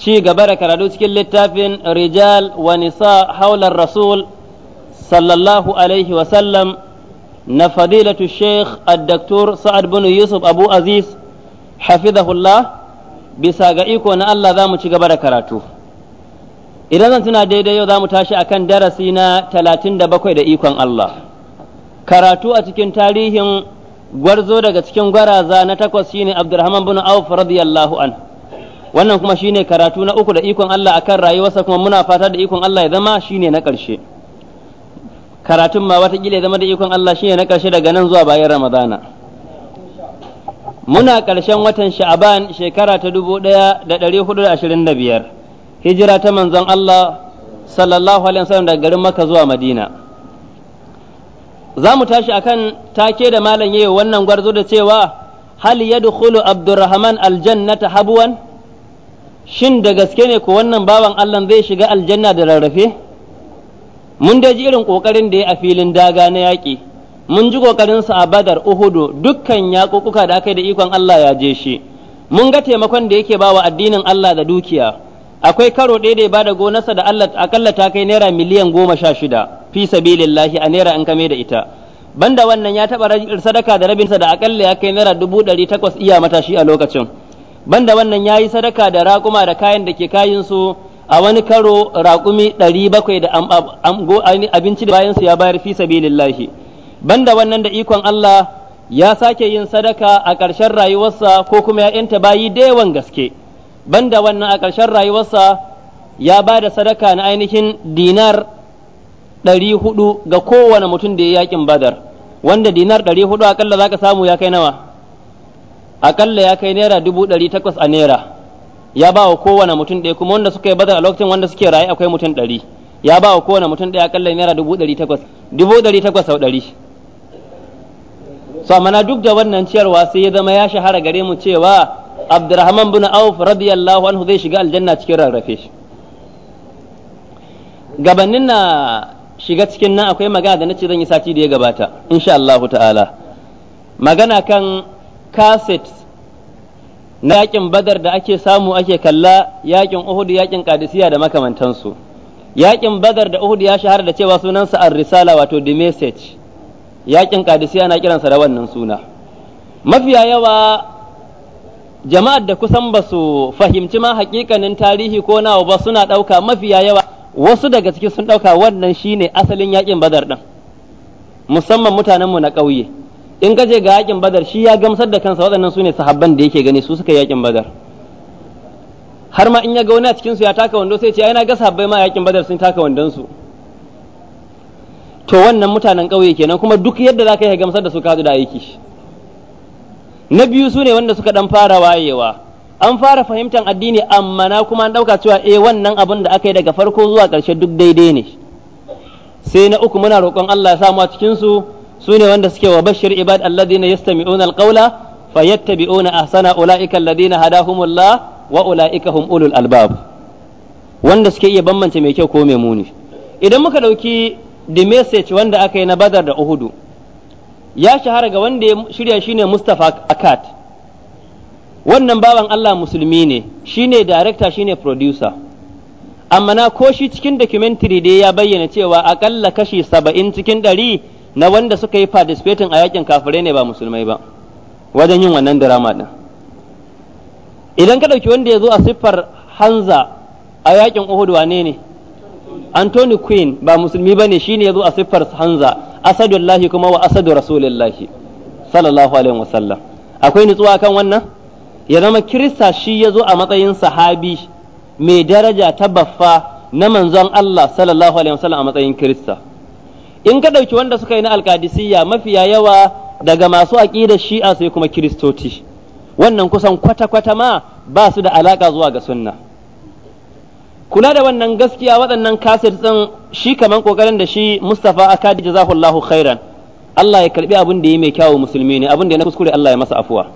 ci gaba da karatu cikin littafin rijal wa nisa haular rasul sallallahu alaihi wasallam na fadilatu sheikh addaktur sa'ad bin yusuf abu aziz hafizahullah bisa ga iko na allah za mu ci gaba da karatu idan zan tuna daidai yau za mu tashi akan darasi na talatin da bakwai da ikon allah karatu a cikin tarihin gwarzo daga cikin gwaraza na takwas shine abdurrahman bin auf radiyallahu anhu wannan kuma shine karatu na uku da ikon Allah akan rayuwarsa kuma muna fata da ikon Allah ya zama shine na ƙarshe karatun ma wata ya zama da ikon Allah shine na ƙarshe daga nan zuwa bayan Ramadana muna ƙarshen watan sha'aban shekara ta dubu ɗaya da ɗari hudu da ashirin da biyar hijira ta manzon Allah sallallahu alaihi wasallam daga garin Makka zuwa Madina za mu tashi akan take da malam yayi wannan gwarzo da cewa hal yadkhulu abdurrahman aljannata habwan shin da gaske ne ko wannan bawan Allah zai shiga aljanna da rarrafe mun da ji irin kokarin da ya a filin daga na yaƙi mun ji kokarin sa a badar uhudu dukkan yaƙuƙuka da aka yi da ikon Allah ya je shi mun ga taimakon da yake bawa addinin Allah da dukiya akwai karo ɗaya da ya bada gonarsa da Allah akalla ta kai naira miliyan goma sha shida fi sabilillahi a naira an kame da ita banda wannan ya taɓa sadaka da rabinsa da akalla ya kai naira dubu ɗari takwas iya matashi a lokacin banda wannan ya yi sadaka da raƙuma da kayan da ke kayansu a wani karo raƙumi ɗari bakwai da abinci da bayansu ya bayar fi sabilillahi banda wannan da ikon Allah ya sake yin sadaka a ƙarshen rayuwarsa ko kuma ya ‘yanta bayi da yawan gaske banda wannan a ƙarshen rayuwarsa ya ba da sadaka na ainihin dinar ɗari ga kowane mutum da ya yakin badar wanda dinar ɗari hudu akalla za ka samu ya kai nawa akalla ya kai naira dubu ɗari takwas a naira ya ba wa kowane mutum ɗaya kuma wanda suka yi bazar a lokacin wanda suke raye akwai mutum ɗari ya ba wa kowane mutum ɗaya akalla naira dubu ɗari takwas dubu ɗari takwas sau ɗari so mana duk da wannan ciyarwa sai ya zama ya shahara gare mu cewa abdurrahman bin auf radiyallahu anhu zai shiga aljanna cikin rarrafe shi gabanin na shiga cikin nan akwai magana da na ce zan yi sati da ya gabata insha Allah ta'ala magana kan kaset na yakin badar da ake samu ake kalla yakin uhud yakin kadisiya da makamantansu yakin badar da uhud ya shahara da cewa sunansa ar-risala wato the message yakin kadisiya na kiransa da wannan suna mafiya yawa jama'ar da kusan ba su fahimci ma hakikanin tarihi ko nawa ba suna ɗauka mafiya yawa wasu daga ciki sun ɗauka wannan shine asalin yakin badar ɗin musamman mutanenmu na ƙauye in ka je ga yakin badar shi ya gamsar da kansa waɗannan su ne sahabban da yake gani su suka yakin badar har ma in ya ga wani a cikin ya taka wando sai ce ai na ga sahabbai ma yakin badar sun taka wandon su to wannan mutanen ƙauye kenan kuma duk yadda za ka yi gamsar da su ka da aiki na biyu su ne wanda suka dan fara wayewa an fara fahimtar addini amma na kuma an ɗauka cewa eh wannan abin da aka yi daga farko zuwa ƙarshe duk daidai ne sai na uku muna roƙon Allah ya samu a cikin su Su ne wanda suke wa bashir ibad alladhina yastami'una alqawla fayattabi'una ahsana ulaika alladhina hadahumullah wa ulaika hum ulul albab wanda suke iya bambance mai kyau ko mai muni idan muka dauki the message wanda aka yi na badar da uhudu ya shahara ga wanda ya shirya shine mustafa akat wannan baban allah musulmi ne shine director shine producer amma na ko shi cikin documentary dai ya bayyana cewa akalla kashi saba'in cikin ɗari na wanda suka yi participating a yakin kafirai ne ba musulmai ba wajen yin wannan drama din idan ka ɗauki wanda ya zo a siffar hanza a yakin uhud wane ne anthony queen ba musulmi ba ne shi ne ya zo a siffar hanza asadullahi kuma wa asadu rasulillahi sallallahu alaihi wasallam akwai nutsuwa kan wannan ya zama kirista shi ya zo a matsayin sahabi mai daraja ta baffa na manzon allah sallallahu alaihi wasallam a matsayin kirista in ka ɗauki wanda suka yi na alkadisiyya mafiya yawa daga masu aƙida shi'a sai kuma kiristoci wannan kusan kwata-kwata ma ba su da alaƙa zuwa ga sunna kula da wannan gaskiya waɗannan kaset ɗin shi kaman ƙoƙarin da shi mustafa akadi jazahullahu khairan Allah ya karɓi abin da ya mai kyawu musulmi ne abin da ya na kuskure Allah ya masa afuwa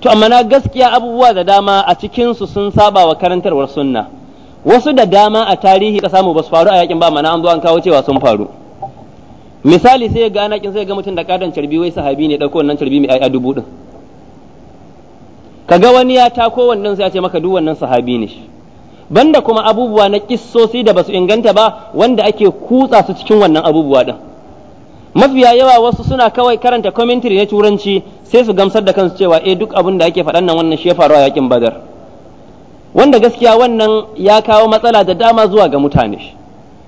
to amma na gaskiya abubuwa da dama a cikin su sun saba wa karantarwar sunna wasu da dama a tarihi ka samu ba su faru a yakin ba mana an zo an kawo cewa sun faru misali sai ga anakin sai ga mutum da kadan carbi wai sahabi ne dauko wannan carbi mai a dubu din kaga wani ya ko wannan sai ya ce maka duk wannan sahabi ne banda kuma abubuwa na kissosi da basu inganta ba wanda ake kutsa su cikin wannan abubuwa din mafiya yawa wasu suna kawai karanta commentary na turanci sai su gamsar da kansu cewa eh duk abin da ake faɗan nan wannan shi ya faru a yakin badar wanda gaskiya wannan ya kawo matsala da dama zuwa ga mutane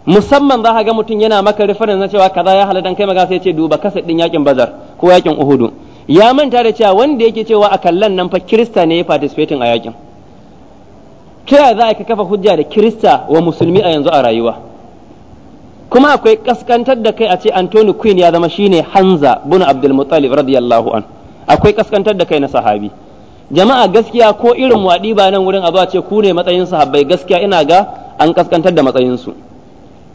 musamman za ka ga mutum yana maka rifarin na cewa kaza ya halatta kai magana sai ce duba kasa din yakin bazar ko yakin uhudu ya manta da cewa wanda yake cewa a kallon nan fa kirista ne ya participating a yakin ta za ka kafa hujja da kirista wa musulmi a yanzu a rayuwa kuma akwai kaskantar da kai a ce antoni Queen ya zama shine Hanza bin Abdul Muttalib radiyallahu an akwai kaskantar da kai na sahabi jama'a gaskiya ko irin waɗi ba nan wurin a ce ku ne matsayin sahabbai gaskiya ina ga an kaskantar da matsayin su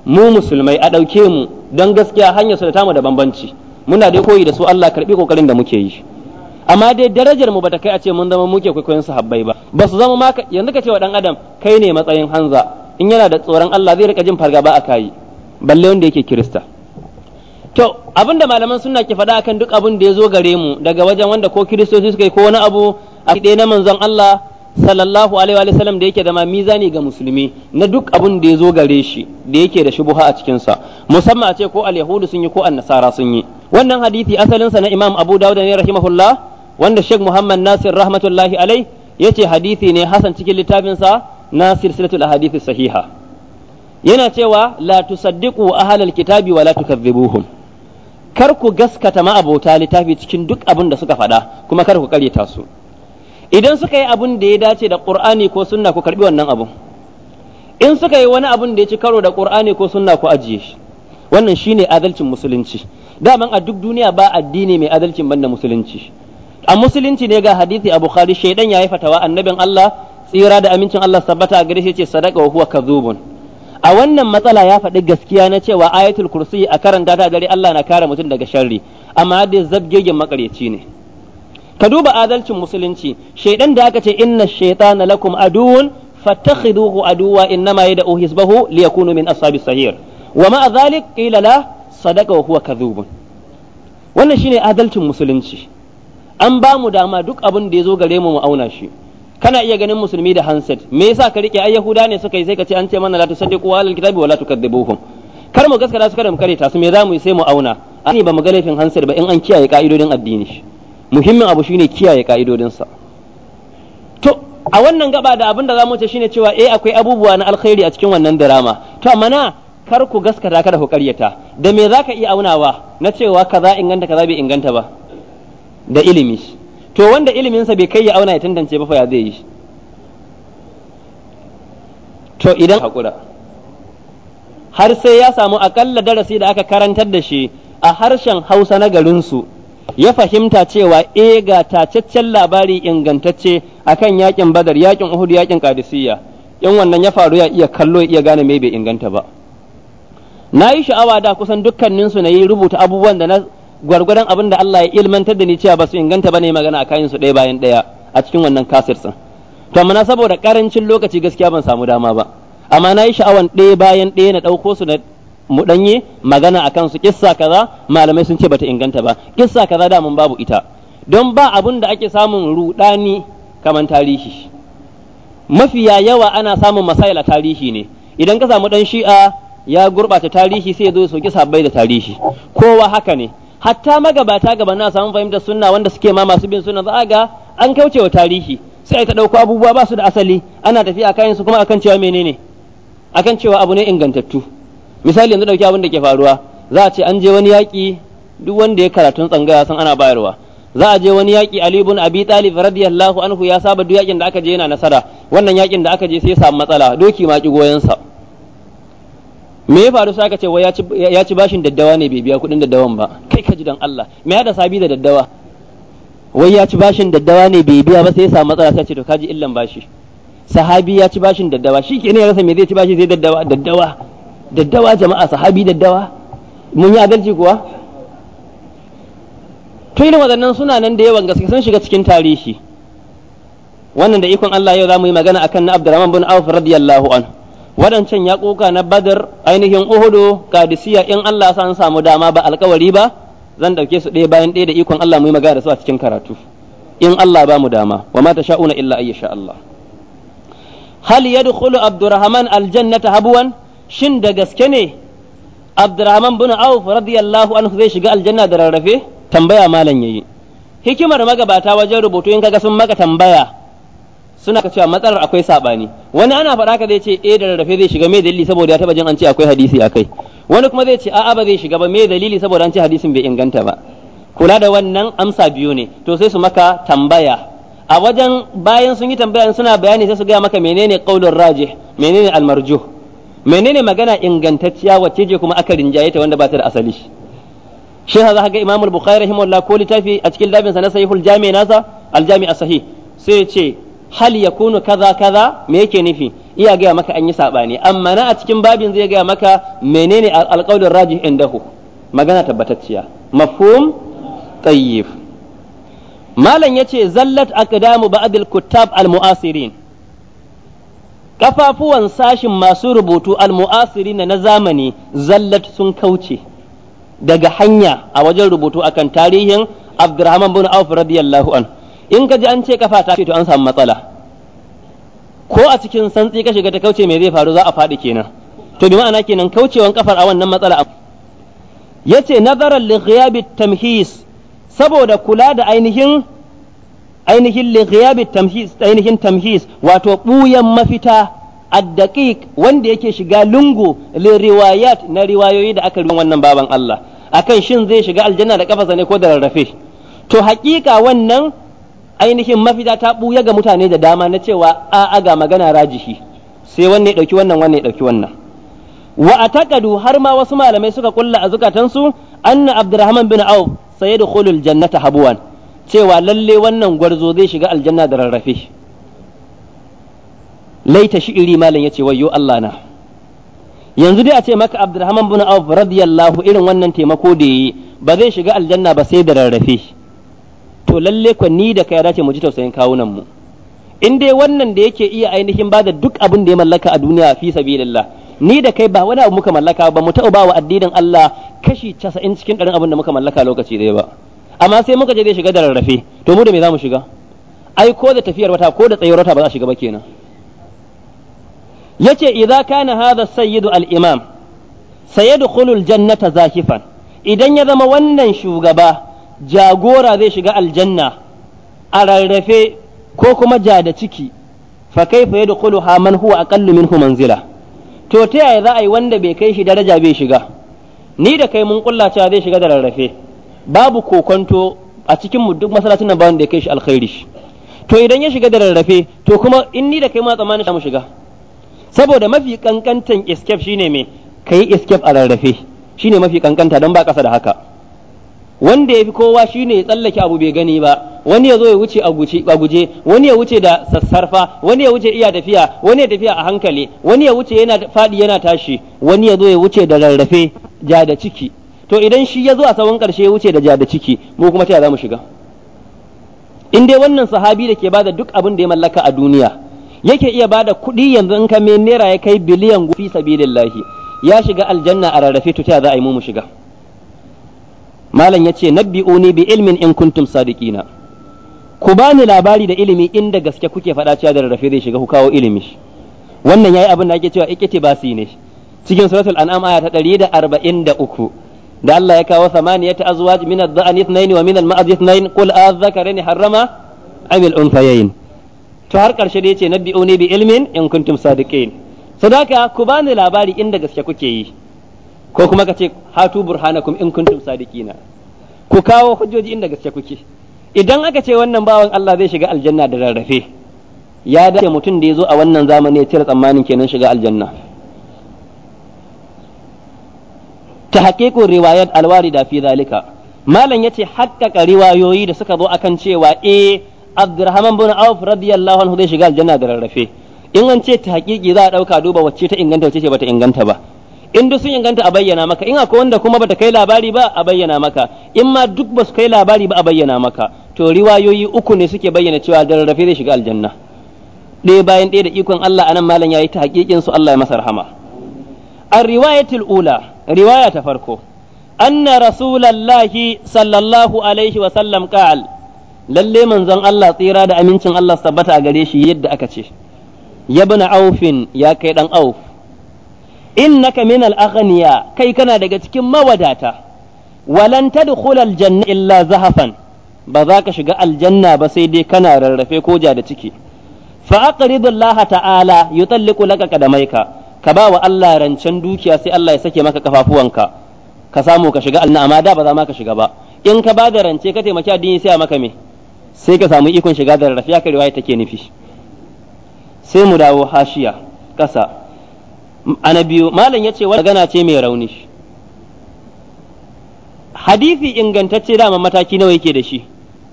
mu musulmai a ɗauke mu don gaskiya hanyar su da tamu da bambanci muna dai koyi da su Allah karɓi kokarin da muke yi amma dai darajar mu bata kai a ce mun zama muke kwaikwayon su Habbai ba ba su zama ma yanzu ka ce wa dan adam kai ne matsayin hanza in yana da tsoron Allah zai rika jin fargaba a kai balle wanda yake kirista to abinda malaman suna ke faɗa akan duk abin da ya zo gare mu daga wajen wanda ko kiristoci suka yi ko wani abu a na manzon Allah sallallahu alaihi wa sallam da yake da mizani ga musulmi na duk abun da ya zo gare shi da yake da shubuha a cikin sa musamman a ce ko al-yahudu sun yi ko an sun yi wannan hadisi asalin sa na Imam Abu Dawud ne rahimahullah wanda Sheikh Muhammad Nasir rahmatullahi alai yace hadisi ne hasan cikin littafin sa na silsilatul ahadith sahiha yana cewa la tusaddiqu ahlal kitabi wa la tukazzibuhum kar ku gaskata ma abota littafi cikin duk abin da suka faɗa kuma kar ku karyata su idan suka yi abin da ya dace da ƙur'ani ko sunna ku karbi wannan abun in suka yi wani abin da ya ci karo da ƙur'ani ko sunna ku ajiye shi wannan shine adalcin musulunci daman a duk duniya ba addini mai adalcin banda musulunci a musulunci ne ga hadisi a bukhari shaidan yi fatawa annabin Allah tsira da amincin Allah sabbata a gare shi ce sadaka wa huwa kadhubun a wannan matsala ya faɗi gaskiya na cewa ayatul kursi a karanta ta dare Allah na kare mutum daga sharri amma da zabgegen makaryaci ne ka duba adalcin musulunci shaidan da aka ce inna shaitana lakum aduwwun fattakhiduhu aduwa innama yad'u hizbahu liyakunu min ashabis sahir wa ma dhalik qila la sadaka wa huwa kadhubun wannan shine adalcin musulunci an ba mu dama duk abin da ya zo gare mu mu auna shi kana iya ganin musulmi da handset me yasa ka rike ai yahuda ne suka yi sai ka ce an ce mana la tusaddiqu ahlal kitabi wa la kar mu gaskata su kada mu kare ta su me za mu yi sai mu auna ani ba mu ga laifin handset ba in an kiyaye ka'idodin addini muhimmin abu shine kiyaye ka'idodinsa to a wannan gaba da abin da za mu ce shine cewa eh akwai abubuwa na alkhairi a cikin wannan drama to amma na kar ku gaskata kada ku karyata da me zaka iya aunawa na cewa kaza inganta kaza bai inganta ba da ilimi to wanda iliminsa bai kai ya auna ya tantance ba fa ya zai yi to idan hakura har sai ya samu akalla darasi da aka karantar da shi a harshen Hausa na garinsu ya fahimta cewa e ga tacaccen labari ingantacce akan yaƙin badar yakin uhud yakin qadisiyya in wannan ya faru ya iya kallo ya iya gane me bai inganta ba na yi sha'awa da kusan dukkanin na yi rubuta abubuwan da na gwargwaron abin da Allah ya ilmantar da ni cewa ba su inganta ba ne magana a kayan su ɗaya bayan ɗaya a cikin wannan kasir sun to amma saboda ƙarancin lokaci gaskiya ban samu dama ba amma na yi sha'awan ɗaya bayan ɗaya na ɗauko su na mu danye magana akan su kissa kaza malamai sun ce bata inganta ba kissa kaza da mun babu ita don ba abun da ake samun rudani kaman tarihi mafiya yawa ana samun masaila tarihi ne idan ka samu dan shi'a ya gurbata tarihi sai ya zo soki sabbai da tarihi kowa haka ne hatta magabata gaba na samun fahimtar sunna wanda suke ma masu bin sunna za ga an kaucewa tarihi sai ta dauko abubuwa ba su da asali ana tafiya kayan su kuma akan cewa menene akan cewa abu ne ingantattu misali yanzu dauki abin da ke faruwa za a ce an je wani yaƙi duk wanda ya karatu tsangaya san ana bayarwa za a je wani yaƙi Ali ibn Abi Talib radiyallahu anhu ya saba duk yaƙin da aka je yana nasara wannan yaƙin da aka je sai ya samu matsala doki ma ki goyen sa me ya faru sai aka ce wai ya ci bashin daddawa ne bai biya kuɗin daddawan ba kai ka ji dan Allah me ya da sabi da daddawa wai ya ci bashin daddawa ne bai biya ba sai ya samu matsala sai ce to kaji illan bashi sahabi ya ci bashin daddawa shi ke ne ya rasa me zai ci bashi zai daddawa daddawa daddawa jama'a sahabi daddawa mun yi adalci kuwa to irin suna nan da yawan gaske sun shiga cikin tarihi wannan da ikon Allah yau za mu yi magana akan na Abdurrahman bin Auf radiyallahu anhu waɗancan ya koka na Badar ainihin Uhudu kadisiya in Allah san samu dama ba alkawari ba zan dauke su ɗaya bayan ɗaya da ikon Allah mu yi magana da su a cikin karatu in Allah ba mu dama wa ma tasha'una illa ayyasha Allah hal yadkhulu Abdurrahman aljannata habwan shin da gaske ne abdurrahman bin auf radiyallahu anhu zai shiga aljanna da rarrafe tambaya malam yayi hikimar magabata wajen rubutu in kaga sun maka tambaya suna ka cewa matsalar akwai sabani wani ana faɗa ka zai ce eh da rarrafe zai shiga me dalili saboda ya taba jin an ce akwai hadisi akai wani kuma zai ce a'a ba zai shiga ba me dalili saboda an ce hadisin bai inganta ba kula da wannan amsa biyu ne to sai su maka tambaya a wajen bayan sun yi tambaya suna bayani sai su gaya maka menene qaulur rajih menene al-marjuh menene magana ingantacciya wacce ce kuma aka rinjaye ta wanda ba ta da asali shi ha za ga Imam al-Bukhari rahimahullah ko littafi a cikin labin sa na Sahihul Jami' nasa al-Jami' sahih sai ce hal yakunu kaza kaza me yake nufi iya gaya maka an yi sabani amma na a cikin babin zai gaya maka menene al-qawlur rajih indahu magana tabbatacciya mafhum tayyib malam yace zallat aqdamu ba'd al-kuttab al-mu'asirin kafafuwan sashin masu rubutu almu'asiri na zamani zallat sun kauce daga hanya a wajen rubutu akan tarihin Abdurrahman bin Auf radiyallahu an in ka ji an ce kafa ta to an samu matsala ko a cikin santsi ka shiga ta kauce me zai faru za a faɗi kenan to bi ma'ana kenan kaucewan kafar a wannan matsala yace nazaran li ghiyabit tamhis saboda kula da ainihin ainihin li tamhis ainihin tamhis wato buyan mafita addaqiq wanda yake shiga lungu li riwayat na riwayoyi da aka rubuta wannan baban Allah akan shin zai shiga aljanna da kafasa ne ko da rarrafe to hakika wannan ainihin mafita ta buya ga mutane da dama na cewa a'a ga magana rajihi sai wanne ya dauki wannan wanne ya dauki wannan wa ataqadu har ma wasu malamai suka kulla azukatansu anna abdurrahman bin auf sayadkhulul jannata habuwan cewa lalle wannan gwarzo zai shiga aljanna da rarrafe laita shi iri malam yace wayo Allah na yanzu dai a ce maka Abdurrahman bin Auf radiyallahu irin wannan taimako da yi ba zai shiga aljanna ba sai da rarrafe to lalle ku ni da kai dace mu ji tausayin kawunan mu in dai wannan da yake iya ainihin bada duk abin da ya mallaka a duniya fi sabilillah ni da kai ba wani abu muka mallaka ba mu taɓa ba wa addinin Allah kashi 90 cikin ɗarin abin da muka mallaka lokaci dai ba amma sai muka je zai shiga da rarrafe to mu da me mu shiga ai ko da tafiyar wata ko da tsayuwar wata ba za a shiga ba kenan yace idza kana hadha sayyidu al-imam sayadkhulu al-jannata zakifan idan ya zama wannan shugaba jagora zai shiga aljanna a rarrafe ko kuma ja da ciki fa kaifa yadkhuluha man huwa aqallu minhu manzila to ta yaya za a yi wanda bai kai shi daraja bai shiga ni da kai mun cewa zai shiga da rarrafe babu kokonto a cikin mu duk masalacin nan ba wanda ya kai shi alkhairi to idan ya shiga da rarrafe to kuma in ni da kai ma tsammanin mu shiga saboda mafi kankantan escape shine me kai escape a rarrafe shine mafi kankanta don ba kasa da haka wanda ya fi kowa shine ya tsallake abu bai gani ba wani ya zo ya wuce a guje wani ya wuce da sassarfa wani ya wuce iya tafiya wani ya tafiya a hankali wani ya wuce yana faɗi yana tashi wani ya zo ya wuce da rarrafe ja da ciki to idan shi ya zo a sawun karshe ya wuce da ja da ciki mu kuma ta za mu shiga in dai wannan sahabi da ke bada duk abin da ya mallaka a duniya yake iya bada kuɗi yanzu in ka me naira ya kai biliyan fi sabilillahi ya shiga aljanna a rarrafe to ta za a yi mu mu shiga malam ya yace nabbi'uni bi ilmin in kuntum sadiqina ku bani labari da ilimi inda gaske kuke faɗa cewa da rarrafe zai shiga ku kawo ilimi wannan yayi abin da ake cewa basi ne cikin suratul an'am aya ta 143 da Allah ya kawo samaniya ta azwaj min ad-da'an ithnayn wa min al-ma'az ithnayn qul adh-dhakarayn harrama am al-unthayayn to har karshe da yace uni bi ilmin in kuntum sadiqin sadaka ku bani labari inda gaske kuke yi ko kuma ka ce hatu burhanakum in kuntum sadiqina ku kawo hujjoji inda gaske kuke idan aka ce wannan bawan Allah zai shiga aljanna da rarrafe ya dace mutum da ya zo a wannan zamani ya cire tsammanin kenan shiga aljanna tahqiqur riwayat alwarida fi zalika malam ya yace haƙƙaƙa riwayoyi da suka zo akan cewa eh Abdurrahman bin Auf radiyallahu anhu zai shiga aljanna da rarrafe in an ta haƙiƙi za a ɗauka duba wacce ta inganta wacce ce bata inganta ba in duk sun inganta a bayyana maka in akwai wanda kuma bata kai labari ba a bayyana maka in ma duk ba su kai labari ba a bayyana maka to riwayoyi uku ne suke bayyana cewa a rarrafe zai shiga aljanna ɗaya bayan ɗaya da ikon Allah anan malam yayi ta haƙiƙin su Allah ya masa rahama A riwayatul ula riwaya ta farko anna rasulallahi sallallahu alaihi wa sallam qal lalle manzon Allah tsira da amincin Allah sabbata a gare shi yadda aka ce yabna aufin ya kai dan auf innaka minal al kai kana daga cikin mawadata walan tadkhula al-janna illa zahafan ba za ka shiga aljanna ba sai dai kana rarrafe ko ja da ciki fa aqridu Allah ta'ala yutalliqu laka qadamaika ka ba wa Allah rancen dukiya sai Allah ya sake maka kafafuwanka ka samu ka shiga alna amma da ba za ma ka shiga ba in ka ba da rance ka taimaki addini sai a maka me sai ka samu ikon shiga da rafiya haka riwaya take nufi sai mu dawo hashiya ƙasa ana malam ya ce magana ce mai rauni hadisi ingantacce dama mataki nawa yake da shi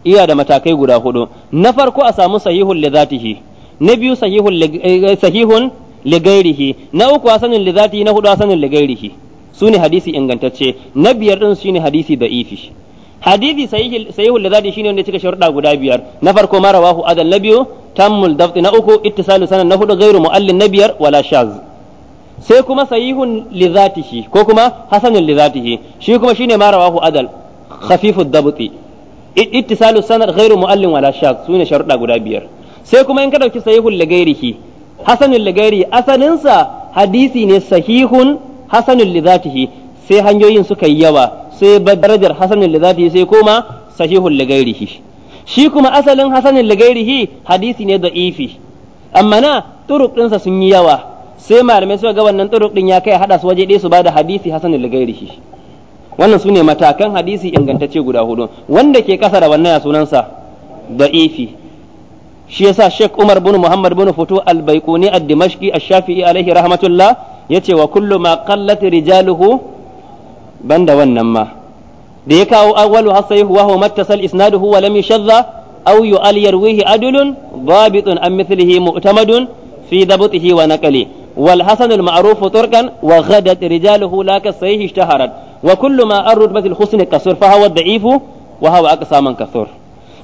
iya da matakai guda hudu na farko a samu sahihun li zatihi na biyu sahihun eh, li ghairihi na uku hasanun li zati na hudu hasanun li ghairihi sune hadisi ingantacce na biyar din shine hadisi da'ifi hadisi sahihu li zati shine wanda cika sharuɗa guda biyar na farko ma rawahu adal na biyu tammul dafti na uku ittisalu sanan na hudu ghairu muallin na biyar wala shaz sai kuma sahihun lizatihi ko kuma hasanun lizatihi shi kuma shine ma rawahu adal khafifud dabti ittisalu sanad ghairu muallin wala su sune sharuda guda biyar sai kuma in ka dauki sahihul lagairihi hasanul ligairi asalinsa hadisi ne sahihun hasanul lidatihi sai hanyoyin suka yi yawa sai darajar hasanul lidatihi sai koma sahihun ligairihi shi kuma asalin hasanul ligairihi hadisi ne da'ifi amma na turuk ɗinsa sun yi yawa sai malamai suka ga wannan turuk ɗin ya kai hada su waje ɗaya su da hadisi hasanul ligairihi wannan su ne matakan hadisi ingantacce guda hudu wanda ke kasa da wannan ya sunansa da'ifi shi yasa Sheikh Umar bin Muhammad bin Futu al-Baiquni ad-Dimashqi ash-Shafi'i alaihi rahmatullah yace wa kullu ma qallat rijaluhu banda wannan ma da ya kawo awwalu hasayhu wa huwa mattasal isnaduhu wa lam yashadda aw yu'al yarwihi adulun dabitun an mithlihi mu'tamadun fi dhabtihi wa naqlihi والحسن المعروف تركا وغدت رجاله لا كالصحيح اشتهرت وكل ما الرتبة fa كثر فهو wa وهو aka من كثر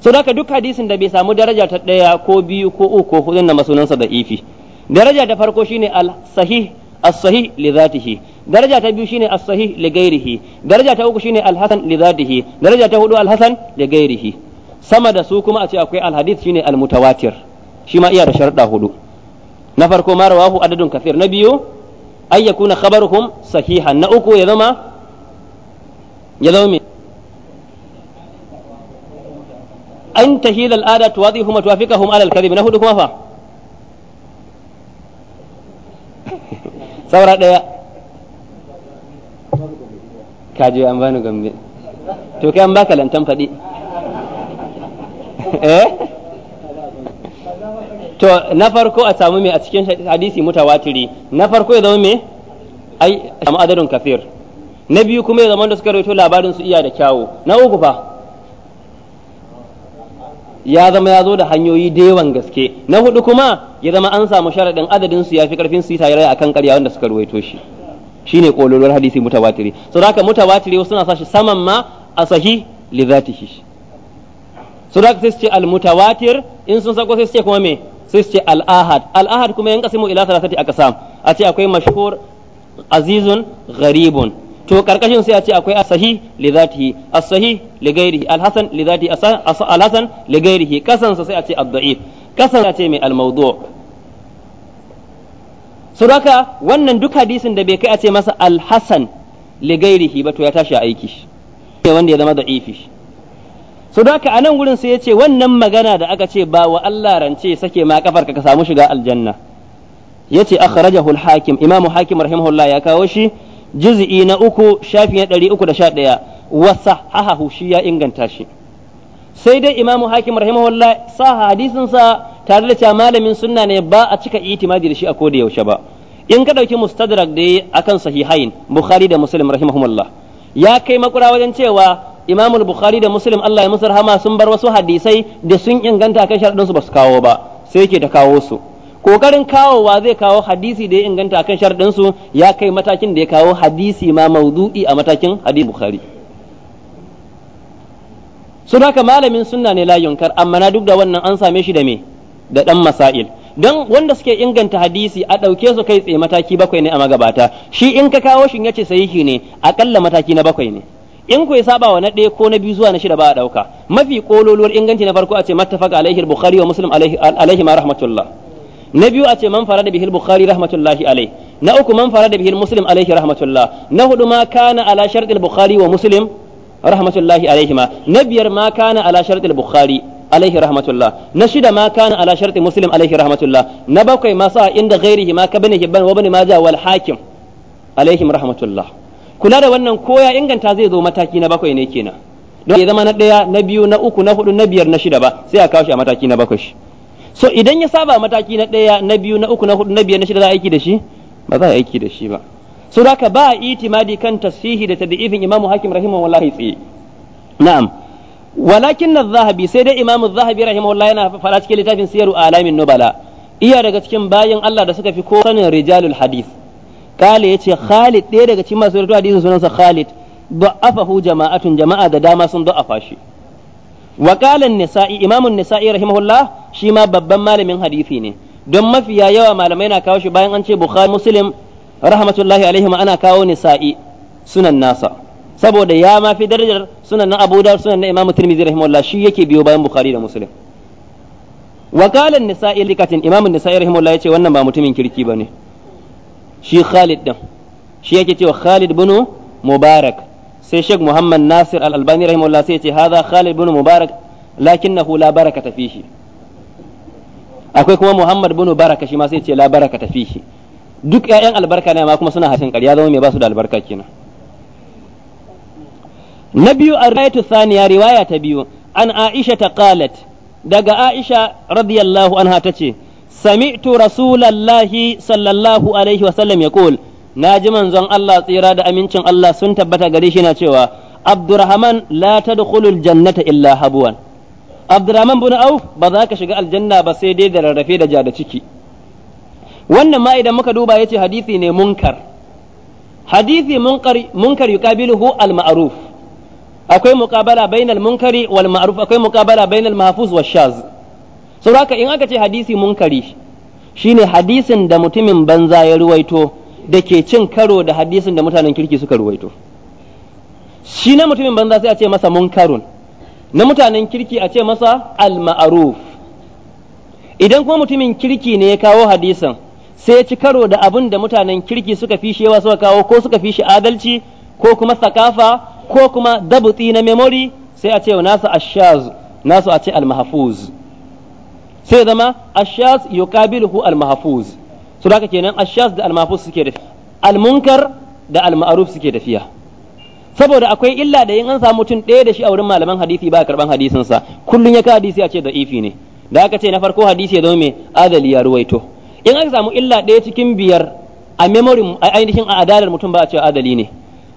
so haka duk hadisin da bai samu daraja ta ɗaya ko biyu ko uku ko na masunansa da ifi daraja ta farko shine al-sahih as-sahih li dhatihi daraja ta biyu shine as-sahih li ghairihi daraja ta uku shine al-hasan li dhatihi daraja ta hudu al-hasan li ghairihi sama da su kuma a ce akwai al-hadith shine al-mutawatir shi ma iya da sharuɗa hudu na farko ma rawahu adadun kafir na biyu ay yakuna khabaruhum sahihan na uku ya zama ya zama an tahila al'ada tuwadihum wa tuwafiqahum ala al-kadhib na hudu kuma fa saura daya kaje an bani gambe to kai an baka lantan fadi eh to na farko a samu mai a cikin hadisi mutawatiri na farko ya zama mai, ai adadin kafir na biyu kuma ya zama da suka rawaito labarin su iya da kyawu na uku fa ya zama ya zo da hanyoyi da gaske na hudu kuma ya zama an samu sharadin adadin su yafi karfin su yi a akan ƙarya wanda suka ruwaito shi shine kololuwar hadisi mutawatiri so haka mutawatiri wasu suna sashi saman ma a sahi li zatihi so haka sai su ce al mutawatir in sun sako sai su ce kuma me sai su ce al ahad al ahad kuma yan kasimu ila salasati akasam a ce akwai mashhur azizun gharibun to karkashin sai a ce akwai asahi li zatihi asahi li ghairihi alhasan li zati asa alhasan li ghairihi kasan sai a ce ad-da'if kasan a ce mai almawdu suraka wannan duk hadisin da bai kai a ce masa alhasan li ghairihi ba to ya tashi aiki ne wanda ya zama da'ifi so da haka a nan gurin sai ya ce wannan magana da aka ce ba wa Allah rance sake ma kafar ka samu shiga aljanna yace akhrajahu alhakim imamu hakim rahimahullah ya kawo shi juz'i na uku shafi na ɗari uku da sha ɗaya wasa hahahu shi ya inganta shi sai dai imamu hakim rahimahullah sa hadisin sa tare da cewa malamin sunna ne ba a cika itimadi da shi a koda yaushe ba in ka ɗauki mustadrak da akan sahihain bukhari da muslim rahimahumullah ya kai makura wajen cewa imamu bukhari da muslim allah ya musu sun bar wasu hadisai da sun inganta kan sharadin su ba su kawo ba sai yake ta kawo su kokarin kawowa zai kawo hadisi da ya inganta kan sharɗin su ya kai matakin da ya kawo hadisi ma maudu'i a matakin hadisi bukhari sun haka malamin sunna ne layin yunkar amma na duk da wannan an same shi da me da dan masail don wanda suke inganta hadisi a ɗauke su kai tsaye mataki bakwai ne a magabata shi in ka kawo shi ya ce sahihi ne akalla mataki na bakwai ne in ku saba wa na ɗaya ko na biyu zuwa na shida ba a ɗauka mafi ƙololuwar inganci na farko a ce mattafaq alaihi bukhari wa muslim alaihi ma rahmatullah na biyu a ce man fara da bihil bukhari rahmatullahi alai na uku man fara da bihil muslim alaihi rahmatullah na hudu ma kana ala shartil bukhari wa muslim rahmatullahi alaihi ma na biyar ma kana ala shartil bukhari alaihi rahmatullah na shida ma kana ala shartil muslim alaihi rahmatullah na bakwai ma sa inda ghairihi ma kabani hibban wa bani maja wal hakim alaihim rahmatullah kula da wannan koya inganta zai zo mataki na bakwai ne kenan don ya zama na ɗaya na biyu na uku na hudu na biyar na shida ba sai a kawo shi a mataki na bakwai so idan ya saba mataki na ɗaya na biyu na uku na hudu na biyar na shida za a aiki da shi ba za a aiki da shi ba so da ba a itimadi kan tasihi da tadifin imamu hakim rahimahullahi tsaye na'am walakin na zahabi sai dai imamu zahabi rahimahullahi yana faɗa cikin littafin siyaru alamin nubala iya daga cikin bayan Allah da suka fi ko sanin rijalul hadith kale ce Khalid ɗaya daga cikin masu rawaito sunan sunansa Khalid da'afahu jama'atun jama'a da dama sun afa shi wakalin nisa'i imamun nisa'i rahimahullah shi ma babban malamin hadisi ne don mafiya yawa malamai na kawo shi bayan an ce bukhari muslim rahmatullahi alaihim ana kawo nisa'i sunan nasa saboda ya ma fi darajar sunan na abu dawud sunan na imamu tirmidhi rahimahullah shi yake biyo bayan bukhari da muslim wa qala an-nisa'i likatin imamu an-nisa'i rahimahullah yace wannan ba mutumin kirki bane shi Khalid din shi yake cewa Khalid bin Mubarak sai Sheikh Muhammad Nasir Al-Albani rahimahullah sai ya ce hadha Khalid bin Mubarak lakinnahu la baraka ta fihi akwai kuma Muhammad bin Baraka shi ma sai ya ce la barakata fihi duk ƴaƴan albarka ne ma kuma suna hasin ƙarya zama mai ba su da albarka kenan na biyu ar-rayatu thaniya riwaya ta biyu an Aisha ta qalat daga Aisha radiyallahu anha tace sami'tu rasulallahi sallallahu alaihi wa sallam yaqul na ji manzon Allah tsira da amincin Allah sun tabbata gare shi na cewa Abdurrahman la tadkhulul jannata illa habuwan Abdurrahman bin Auf ba za ka shiga aljanna ba sai dai da rarrafe da ja da ciki wannan ma idan muka duba yace hadisi ne munkar hadisi munkar munkar yuqabiluhu al ma'ruf akwai muqabala bainal munkari wal ma'ruf akwai muqabala bainal mahfuz wash shaz in aka ce hadisi munkari shine hadisin da mutumin banza ya ruwaito da ke cin karo da hadisin da mutanen kirki suka ruwaito shi na mutumin banza sai a ce masa munkarun na mutanen kirki a ce masa al-ma'ruf idan kuma mutumin kirki ne ya kawo hadisin sai ya ci karo da abin da mutanen kirki suka fi shewa suka kawo ko suka fi shi adalci ko kuma sakafa ko kuma dabutsi na memori, sai a ce wa nasu ashaz nasu a ce al sai zama ashaz yuqabiluhu al-mahfuz su haka kenan ashas da almafus suke da almunkar da almaruf suke tafiya saboda akwai illa da yin an samu mutum ɗaya da shi a wurin malaman hadisi ba karban hadisin sa kullum ya ka hadisi a ce da ifi ne da aka ce na farko hadisi ya zama mai adali ya ruwaito in aka samu illa ɗaya cikin biyar a memory ainihin a adalar mutum ba a ce adali ne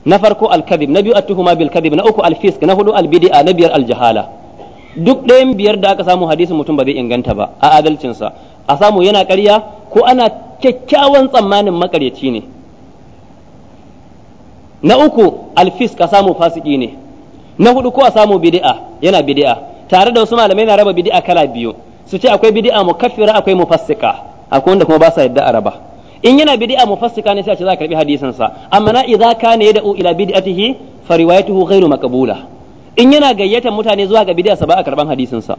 na farko alkadib na biyu atuhuma bil kadib na uku alfisk na hudu albidi'a na biyar aljahala duk ɗayan biyar da aka samu hadisin mutum ba zai inganta ba a adalcinsa a samu yana ƙarya ko ana kyakkyawan tsammanin makaryaci ne na uku alfis ka samu fasiki ne na hudu ko a samu bidi'a? yana bidi'a. tare da wasu malamai na raba bidi'a kala biyu su ce akwai bidi'a mu kafira akwai mu fasika. akwai wanda kuma ba sa yadda a raba in yana bidi'a mu fasika ne sai a ce za a karbi hadisin sa amma na idza kana yad'u ila bid'atihi fa riwayatuhu ghairu maqbula in yana gayyatar mutane zuwa ga bidi'a sa ba a karban hadisin sa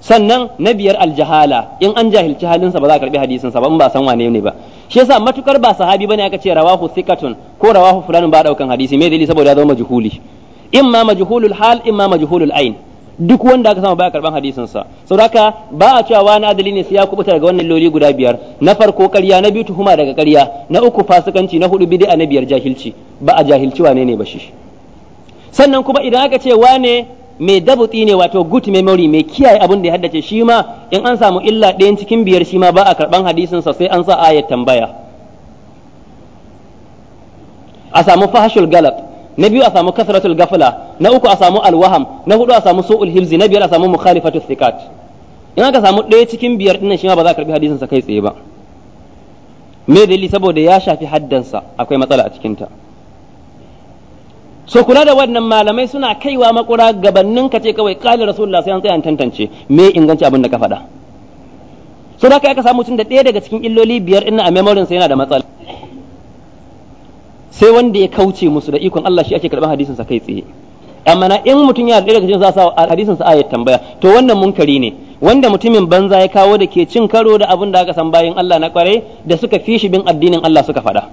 sannan na biyar aljahala in an jahilci halinsa ba za a karbi hadisin sa ba in ba san wane ne ba shi yasa matukar ba sahabi bane aka ce rawahu thiqatun ko rawahu fulanun ba daukan hadisi me dalili saboda ya zama majhuli imma majhulul hal imma majhulul ain duk wanda aka samu baya karban hadisin sa saboda haka ba a cewa wani adali ne sai ya kubuta daga wannan loli guda biyar na farko ƙarya na biyu tuhuma daga ƙarya na uku fasikanci na hudu bid'a na biyar jahilci ba a jahilci wane ne ba shi sannan kuma idan aka ce wane mai dabuti ne wato good memory mai kiyaye abin da ya haddace shi ma in an samu illa ɗayan cikin biyar shi ma ba a karɓan hadisin sa sai an sa ayat tambaya a samu fahashul galat na biyu a samu kasratul gafla na uku a samu alwaham na hudu a samu su'ul hilzi na biyar a samu mukhalifatu thiqat in aka samu ɗaya cikin biyar ɗin shi ma ba za a karɓi hadisin sa kai tsaye ba me dalili saboda ya shafi haddansa akwai matsala a cikinta ta so kula da wannan malamai suna kaiwa makura gabannin ka ce kawai kali rasulullah sai an tsaya an tantance me inganci abin da ka faɗa so da aka samu mutum da ɗaya daga cikin illoli biyar ina a memorin sai yana da matsala sai wanda ya kauce musu da ikon Allah shi ake karɓar hadisin sa kai tsaye amma na in mutum yana ɗaya daga cikin sa hadisin sa ayat tambaya to wannan munkari ne wanda mutumin banza ya kawo da ke cin karo da abin da aka san bayin Allah na kware, da suka fi shi bin addinin Allah suka faɗa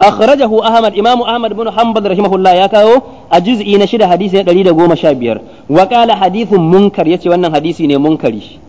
akhrajahu ahmad imamu ahmad bin hanbal rahimahullah ya kawo a juz'i na shida hadisi na 115 wa qala hadithun munkar yace wannan hadisi ne munkari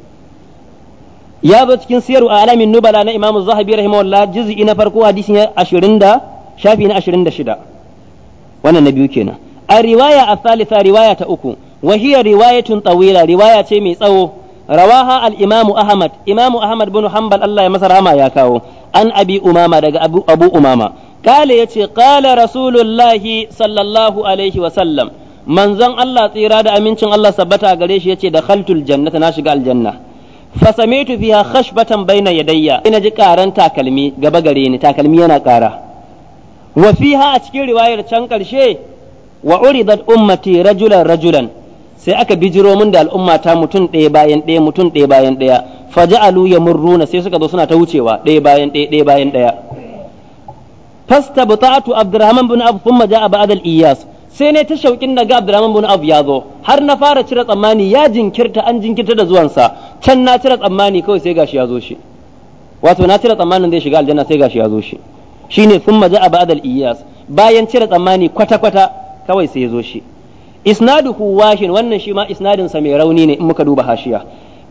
ya zo cikin siyarwa a alamin nubala na imamu zahabi rahimahullah juz'i na farko hadisi na 20 da shafi na 26 wannan na biyu kenan a riwaya a thalitha riwaya ta uku wahiyar hiya riwayatun tsawila riwaya ce mai tsawo rawaha al imamu ahmad imamu ahmad bin hanbal Allah ya masa ya kawo an abi umama daga abu umama kale ya ce kala rasulullahi sallallahu alaihi wasallam manzon Allah tsira da amincin Allah sabbata gare shi ya yace da khaltul jannata na shiga aljanna fa samitu fiha khashbatan baina yadayya ina ji karan takalmi gaba gare ni takalmi yana kara wa fiha a cikin riwayar can karshe wa uridat ummati rajulan rajulan sai aka bijiro mun da al'umma ta mutum ɗaya bayan ɗaya mutum ɗaya bayan ɗaya faja'alu murruna sai suka zo suna ta wucewa ɗaya bayan ɗaya ɗaya bayan ɗaya fasta buta'atu abdurrahman bin abu thumma ja'a ba'da al-iyas sai ne ta shauƙin daga abdurrahman bin abu ya zo har na fara cire tsammani ya jinkirta an jinkirta da zuwansa can na cire tsammani kawai sai gashi ya zo shi wato na cire tsammanin zai shiga aljanna sai gashi ya zo shi shine thumma ja'a ba'da al-iyas bayan cire tsammani kwata-kwata kawai sai ya zo shi isnaduhu washin wannan shi ma isnadin sa mai rauni ne in muka duba hashiya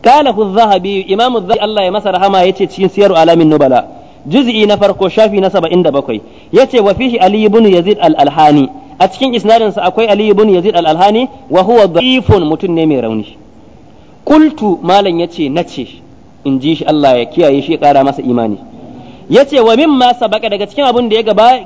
قاله الذهبي إمام الذهبي الله يمسر هما يتشين سير alamin Nubala. juz'i na farko shafi na 77 yace wa fihi ali ibn yazid al-alhani a cikin isnadin sa akwai ali ibn yazid al-alhani wa huwa dha'ifun mutun ne mai rauni qultu malam yace nace in ji shi Allah ya kiyaye shi ya kara masa imani yace wa mimma sabaka daga cikin abin da ya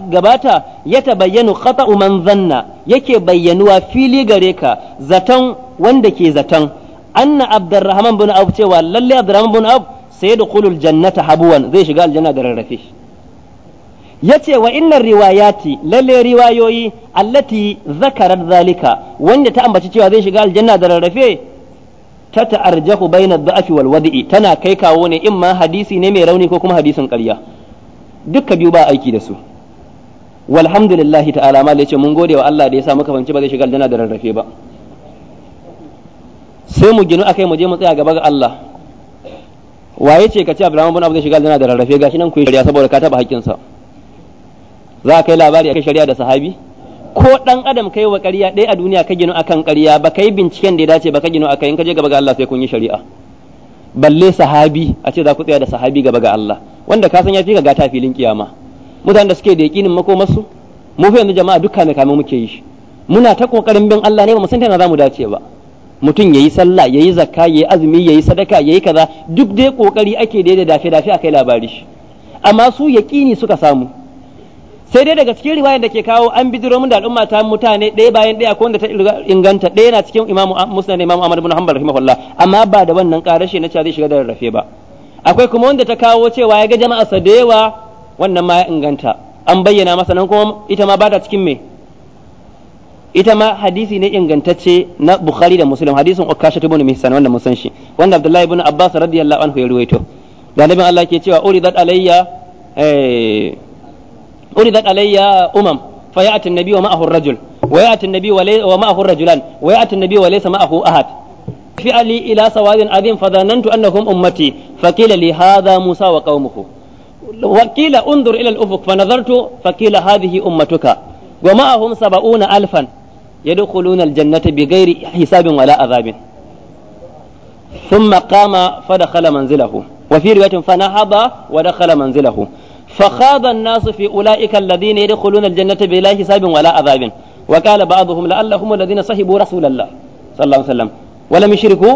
gabata ya tabayyanu khata'u man zanna yake bayyanuwa fili gare ka zaton wanda ke zaton anna abdurrahman bin abu cewa lalle abdurrahman bin abu sai da kulul jannata habuwan zai shiga aljanna da rarrafe yace wa innar riwayati lalle riwayoyi allati zakarar zalika wanda ta ambaci cewa zai shiga aljanna da rarrafe ta ta'arjahu bayna dha'fi wal wadi'i tana kai kawo ne in ma hadisi ne mai rauni ko kuma hadisin ƙarya dukka biyu ba aiki da su walhamdulillah ta'ala ya ce mun gode wa Allah da ya sa muka fanci ba zai shiga aljanna da rarrafe ba sai mu ginu akai mu je mu tsaya gaba ga Allah waye ce ka ce Abdurrahman bin Abu zai shiga aljanna da rarrafe gashi nan ku yi shari'a saboda ka taba hakkin sa za ka yi labari akan shari'a da sahabi ko dan adam kai wa ƙarya ɗaya a duniya ka gino akan ƙarya ba kai binciken da ya dace ba ka gino akan in ka je gaba ga Allah sai kun yi shari'a balle sahabi a ce za ku tsaya da sahabi gaba ga Allah wanda ka san ya fi ka gata filin kiyama mutanen da suke da yakinin makomarsu mu fa yanzu jama'a dukkan kame kame muke yi muna ta kokarin bin Allah ne ba mu san ta za mu dace ba mutum ya yi sallah ya yi zakka ya yi azumi ya yi sadaka ya yi kaza duk dai kokari ake dai da dafe dafe akai labari shi amma su yaqini suka samu sai dai daga cikin riwayar da ke kawo an bi mun da al'umma ta mutane ɗaya bayan ɗaya ko wanda ta inganta ɗaya na cikin imamu musnad imamu Ahmad bin Hanbal rahimahullah amma ba da wannan karashe na cewa zai shiga da rarrafe ba akwai kuma wanda ta kawo cewa ya ga jama'a sa da yawa wannan ma ya inganta an bayyana masa nan kuma ita ma ba ta cikin mai. ita ma hadisi ne ingantacce na Bukhari da Muslim hadisin Ukasha ibn Mihsan wanda mun san shi wanda Abdullahi ibn Abbas radiyallahu anhu ya ruwaito da nabin Allah ke cewa uridat alayya eh uridat alayya umam fayati an-nabi wa ma'ahu ar-rajul wa ya'ti an-nabi wa ma'ahu ar-rajulan wa ya'ti an-nabi wa laysa ma'ahu ahad fi ali ila sawadin adhim fadanantu annahum ummati faqila li hadha musa wa qaumuhu وقيل انظر الى الافق فنظرت فقيل هذه امتك ومعهم سبعون الفا يدخلون الجنة بغير حساب ولا عذاب ثم قام فدخل منزله وفي رواية فنهض ودخل منزله فخاض الناس في أولئك الذين يدخلون الجنة بلا حساب ولا عذاب وقال بعضهم لعلهم الذين صحبوا رسول الله صلى الله عليه وسلم ولم يشركوا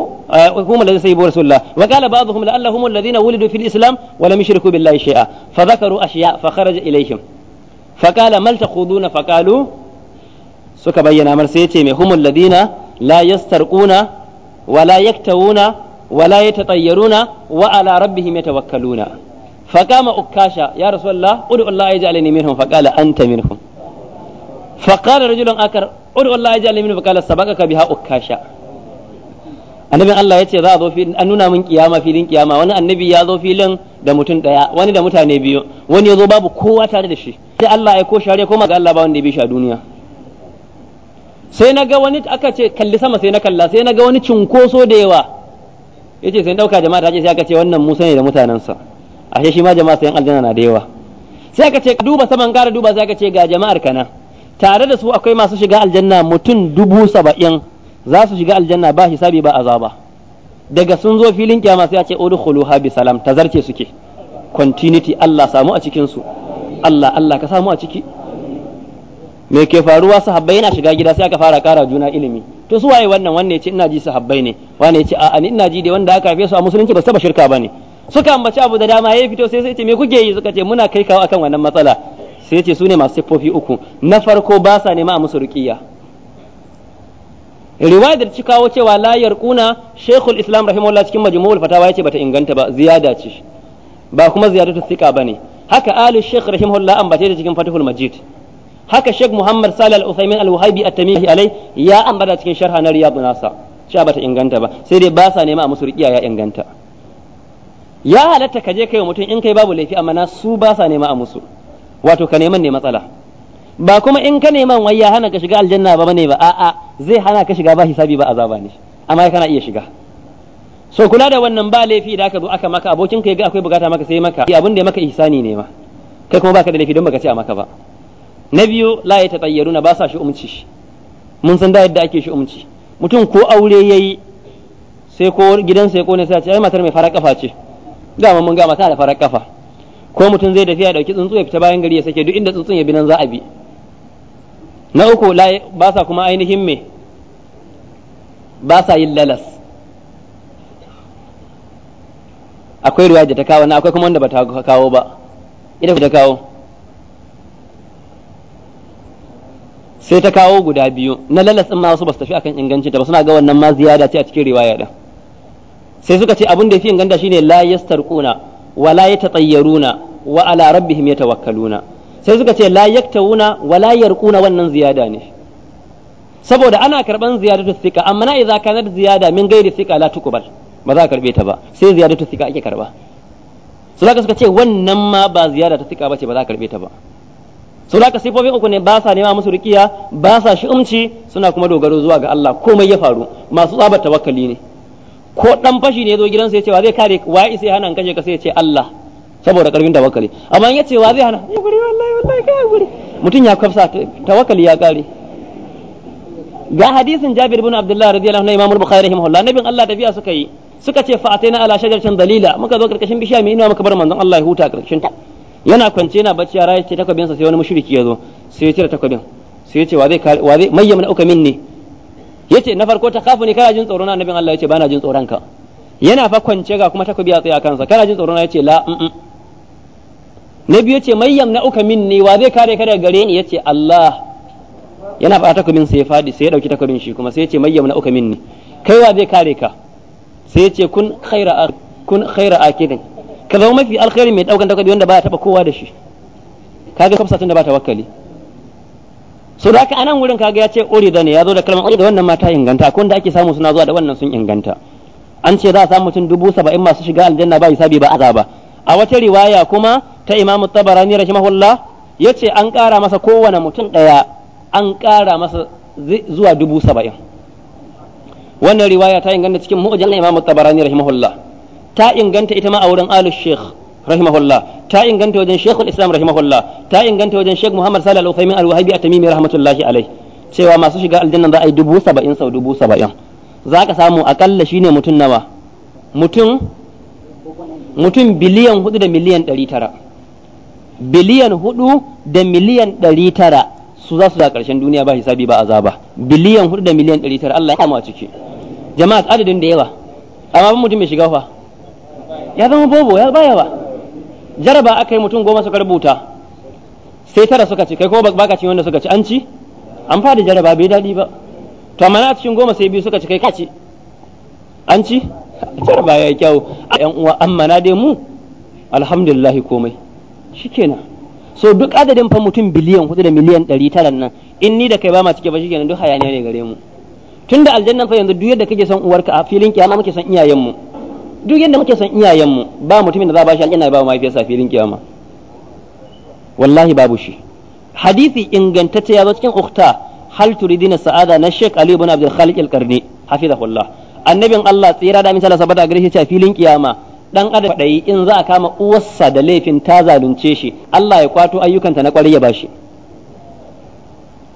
هم الذين صحبوا رسول الله وقال بعضهم لعلهم الذين ولدوا في الإسلام ولم يشركوا بالله شيئا فذكروا أشياء فخرج إليهم فقال ما تخوضون فقالوا suka bayyana mar sai ce mai humul ladina la yastarquna wa la yaktawuna wa la yatatayyaruna wa ala rabbihim yatawakkaluna فقام أكاشا يا رسول الله ادعو الله يجعلني منهم فقال أنت منهم فقال رجل آخر ادعو الله يجعلني منهم فقال سبقك بها أكاشا annabin Allah ya ce za a zo filin an nuna min kiyama filin kiyama wani annabi ya zo filin da mutum daya wani da mutane biyu wani ya zo babu kowa tare da shi sai Allah ya ko share ko wanda ya a duniya sai na ga wani aka ce kalli sama sai na kalla sai na ga wani cinkoso da yawa ce sai dauka jama'a ta ce sai aka ce wannan Musa ne da mutanensa ashe shi ma jama'a sai aljanna na da yawa sai aka ce duba saman gara duba sai aka ce ga jama'ar kana tare da su akwai masu shiga aljanna mutum dubu saba'in za su shiga aljanna ba hisabi ba azaba daga sun zo filin kyama sai a ce udkhuluha habi salam tazarce suke continuity Allah samu a cikin su Allah Allah ka samu a ciki me ke faruwa sahabbai yana shiga gida sai aka fara kara juna ilimi to su waye wannan wanne ce ina ji sahabbai ne wanne ce a'a ni ina ji dai wanda aka haife su a musulunci ba saba shirka bane suka ambaci abu da dama yayi fito sai sai ce me kuke yi suka ce muna kai kawo akan wannan matsala sai ce su ne masu siffofi uku na farko ba sa nema a musu ruqiya riwayar da kawo cewa la yarquna shaykhul islam rahimahullah cikin majmu'ul fatawa yace bata inganta ba ziyada ce ba kuma ziyadatu thiqa bane haka ali shaykh rahimahullah ambace da cikin fatihul majid haka Sheikh Muhammad Salih Al-Uthaymin Al-Wahabi At-Tamimi alai ya ambata cikin sharha na Riyadu Nasa cewa bata inganta ba sai dai ba sa nema a musu riqiya ya inganta ya halatta ka je kai mutum in kai babu laifi amma na su ba sa nema a musu wato ka neman ne matsala ba kuma in ka neman wai ya hana ka shiga aljanna ba bane ba a'a zai hana ka shiga ba hisabi ba azaba ne amma kana iya shiga so kula da wannan ba laifi da aka zo aka maka abokin ka ga akwai bukata maka sai maka abin da ya maka ihsani ne ma kai kuma baka da laifi don baka ce a maka ba na biyu la ya na ba sa shi umci mun san da yadda ake shi umci mutum ko aure ya yi sai ko sai ya kone sai a ce ai matar mai farar kafa ce dama mun ga mata da farar kafa ko mutum zai tafiya dauki tsuntsu ya fita bayan gari ya sake duk inda tsuntsun ya bi nan za a bi na uku ba sa kuma ainihin me ba sa yin lalas akwai ruwa da ta kawo na akwai kuma wanda ba ta kawo ba ita ta kawo sai ta kawo guda biyu na lalas din ma wasu basu tafi akan inganci ta ba suna ga wannan ma ziyada ce a cikin riwaya din sai suka ce abin da yafi inganta shine la yastarquna wa la yatatayyaruna wa ala rabbihim yatawakkaluna sai suka ce la yaktawuna wa la yarquna wannan ziyada ne saboda ana karban ziyadatu thika amma na idza kanat ziyada min ghairi thika la tuqbal ba za ka karbe ta ba sai ziyadatu thika ake karba su suka ce wannan ma ba ziyada ta thika bace ba za ka karbe ta ba su da sifofin uku ne ba sa nema musu rikiya ba sa shi'umci suna kuma dogaro zuwa ga Allah komai ya faru masu tsabar tawakkali ne ko dan fashi ne zo gidansa ya ce wa zai kare wa isa hana kashe ka sai ya ce Allah saboda karfin tawakkali amma ya ce wa zai hana ya guri wallahi wallahi ka guri mutum ya kafsa tawakkali ya kare ga hadisin Jabir ibn Abdullah radiyallahu anhu Imam Bukhari rahimahullah nabin Allah tafiya suka yi suka ce fa atayna ala shajaratin dalila muka zo karkashin bishiya mai inuwa muka bar manzon Allah ya huta karkashin ta yana kwance yana bacci yara ya ce takobinsa sai wani mushriki ya zo sai ya cire takobin sai ya ce wa zai wa zai mayyam na uka minni yace na farko ta kafu ne kana jin tsoron annabin Allah yace bana jin tsoron ka yana fa kwance ga kuma takobi ya tsaye a kansa kana jin tsoron yace la na biyu yace mayyam na uka minni wa zai kare kare gare ni yace Allah yana fa takobin sai ya fadi sai ya dauki takobin shi kuma sai yace mayyam na uka minni kai wa zai kare ka sai yace kun khaira kun khaira akidin ka zama mafi alkhairi mai daukan takobi wanda baya taba kowa da shi kaga kafsa tun da ba wakali so da haka anan wurin kaga ya ce da ne ya zo da kalmar Da wannan mata inganta akwai da ake samu suna zuwa da wannan sun inganta an ce za a samu mutum dubu saba'in masu shiga aljanna ba hisabi ba azaba a wata riwaya kuma ta imam tabarani rahimahullah ya ce an ƙara masa kowane mutum ɗaya an ƙara masa zuwa dubu saba'in wannan riwaya ta inganta cikin mu'jam na imam tabarani rahimahullah ta inganta ita ma a wurin alu sheikh rahimahullah ta inganta wajen sheikhul islam rahimahullah ta inganta wajen sheikh muhammad salih al-ukhaimin al-wahabi at-tamimi rahmatullahi alaihi cewa masu shiga aljanna za a yi dubu saba'in sau dubu saba'in za ka samu akalla ne mutum nawa mutum mutum biliyan hudu da miliyan ɗari tara biliyan hudu da miliyan ɗari tara su za su da ƙarshen duniya ba hisabi ba azaba biliyan hudu da miliyan ɗari tara Allah ya kama a ciki jama'a adadin da yawa amma mutum bai shiga fa ya zama bobo ya baya ba jaraba aka yi mutum goma suka rubuta sai tara suka ci kai ko baka ci wanda suka ci an ci an fada jaraba bai daɗi ba to amma na cikin goma sai biyu suka ci kai ka ci an ci jaraba ya yi kyau a yan uwa amma na dai mu alhamdulillah komai shikenan so duk adadin fa mutum biliyan hudu da miliyan ɗari tara nan in ni da kai ba ma cike ba shikenan duk hayaniya ne gare mu tunda aljannan fa yanzu duk yadda kake son uwarka a filin kiyama muke son iyayen mu. duk yadda muke son iyayenmu ba mutumin da za a bashi aljanna ba mahaifiyarsa filin kiyama wallahi babu shi hadisi ingantacce ya zo cikin ukhta hal turidina sa'ada na Sheikh Ali ibn Abdul Khaliq al-Qarni hafizahullah annabin Allah tsira da misala sabata gare shi a filin kiyama dan adam yi in za a kama uwarsa da laifin ta zalunce shi Allah ya kwato ayyukanta na kwarai ya bashi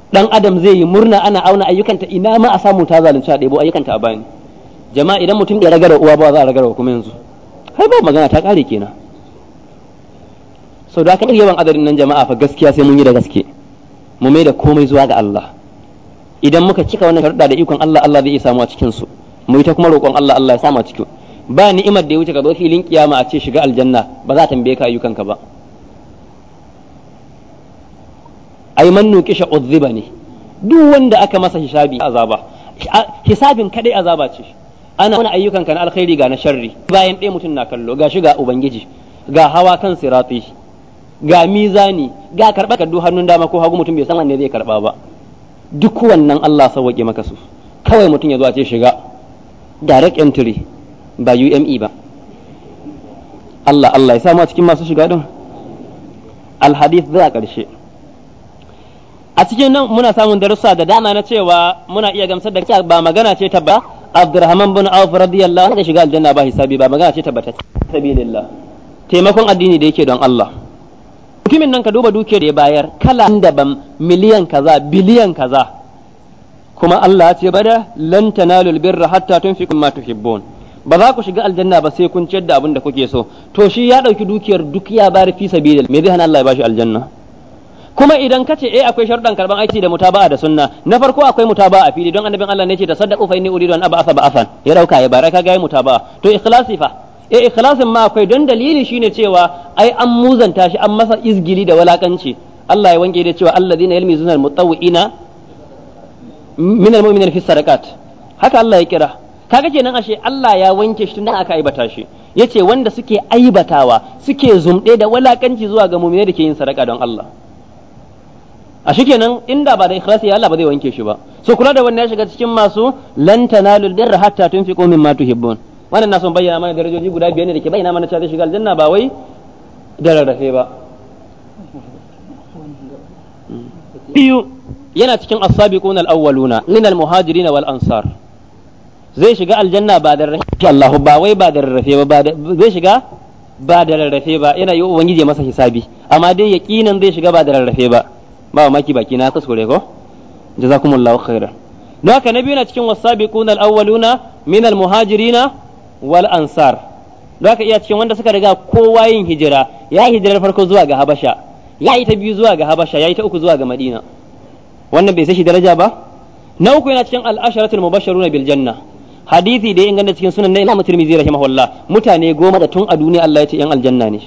dan adam zai yi murna ana auna ayyukanta ina ma a samu ta zalunce a ɗebo ayyukanta a bani jama'a idan mutum bai ragar uwa ba za a wa kuma yanzu har ba magana ta kare kenan sau da aka yawan adadin nan jama'a fa gaskiya sai mun yi da gaske mu mai da komai zuwa ga Allah idan muka cika wannan sharuɗa da ikon Allah Allah zai iya samu a cikin su mu yi ta kuma roƙon Allah Allah ya samu a cikin ba ni'imar da ya wuce ka zo filin kiyama a ce shiga aljanna ba za ta tambaye ka ayyukanka ba ai man nuqisha udhiba ne duk wanda aka masa hisabi azaba hisabin kadai azaba ce ana wani ayyukan ka na alkhairi ga na sharri bayan ɗaya mutum na kallo ga shi ga ubangiji ga hawa kan sirati ga mizani ga karɓar kaddu hannun dama ko hagu mutum bai san wanne zai karɓa ba duk wannan Allah sauwaƙe maka su kawai mutum ya zo a ce shiga direct entry ba UME ba Allah Allah ya samu a cikin masu shiga din alhadith za a ƙarshe a cikin nan muna samun darussa da dama na cewa muna iya gamsar da ba magana ce ta ba Abdurrahman bin Auf radiyallahu anhu shiga aljanna ba hisabi ba magana ce ba sabilillah taimakon addini da yake don Allah mutumin nan ka duba duke da ya bayar kala daban miliyan kaza biliyan kaza kuma Allah ya ce bada lan tanalul birra hatta tunfiqu ma tuhibbun ba za ku shiga aljanna ba sai kun ciyar da abin da kuke so to shi ya dauki dukiyar duk ya bari fi sabilillah me zai hana Allah ya bashi aljanna kuma idan kace eh akwai sharuɗan karban aiki da mutaba'a da sunna na farko akwai mutaba'a a fili don annabin Allah ne ce tasaddaqu fa inni uridu an ab'atha ba'asan. ya dauka ya baraka ga mutaba'a to ikhlasi fa eh ikhlasin ma akwai don dalili shine cewa ai an muzanta shi an masa izgili da walakanci Allah ya wanke da cewa alladhina yalmizuna almutawwi'ina min almu'minina fi sadaqat haka Allah ya kira kaga kenan ashe Allah ya wanke shi tunda aka aibata shi yace wanda suke aibatawa suke zumɗe da walakanci zuwa ga mu'mine da ke yin sadaka don Allah a kenan inda ba da ikhlasi ya Allah ba zai wanke shi ba so kula da wannan ya shiga cikin masu lan tanalul birra hatta tunfiqu mimma tuhibbun wannan na son bayyana mana darajoji guda biyar ne da ke bayyana mana cewa zai shiga aljanna ba wai da rarrafe ba biyu yana cikin as-sabiqun al-awwaluna min al-muhajirin wal ansar zai shiga aljanna ba da rarrafe Allah ba wai ba da rarrafe ba zai shiga ba da rarrafe ba yana yi ubangiji masa hisabi amma dai yaqinan zai shiga ba da rarrafe ba ba maki baki na kuskure ko jazakumullahu khairan don haka na biyu na cikin wasabiqun alawwaluna min almuhajirina wal ansar don haka iya cikin wanda suka riga kowa yin hijira ya yi hijirar farko zuwa ga habasha ya yi ta biyu zuwa ga habasha ya yi ta uku zuwa ga madina wannan bai sai shi daraja ba na uku yana cikin al'asharatul mubashsharuna bil janna hadisi da ya inganta cikin sunan na Imam Tirmidhi rahimahullah mutane goma da tun a duniya Allah ya ce yan aljanna ne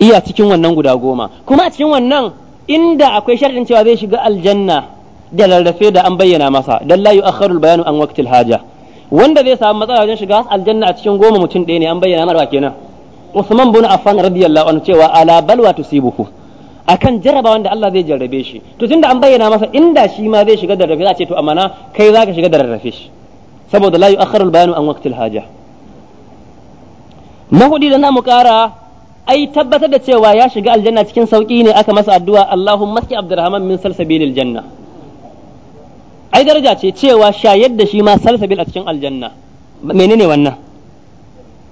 iya cikin wannan guda goma kuma a cikin wannan inda akwai sharɗin cewa zai shiga aljanna da rarrafe da an bayyana masa dan la yu'akhkharu al-bayanu an waqtil haja wanda zai samu matsala wajen shiga aljanna a cikin goma mutum ɗaya ne an bayyana mara kenan Usman bin Affan radiyallahu anhu cewa ala balwa tusibuhu akan jarraba wanda Allah zai jarrabe shi to tunda an bayyana masa inda shi ma zai shiga da rarrafe za a ce to amana kai zaka shiga da rarrafe shi saboda la yu'akhkharu al-bayanu an waqtil haja na da mu kara ai tabbatar da cewa ya shiga aljanna cikin sauki ne aka masa addu'a Allahumma ski Abdurrahman min salsabilil janna ai daraja ce cewa shayar da shi ma salsabil a cikin aljanna menene wannan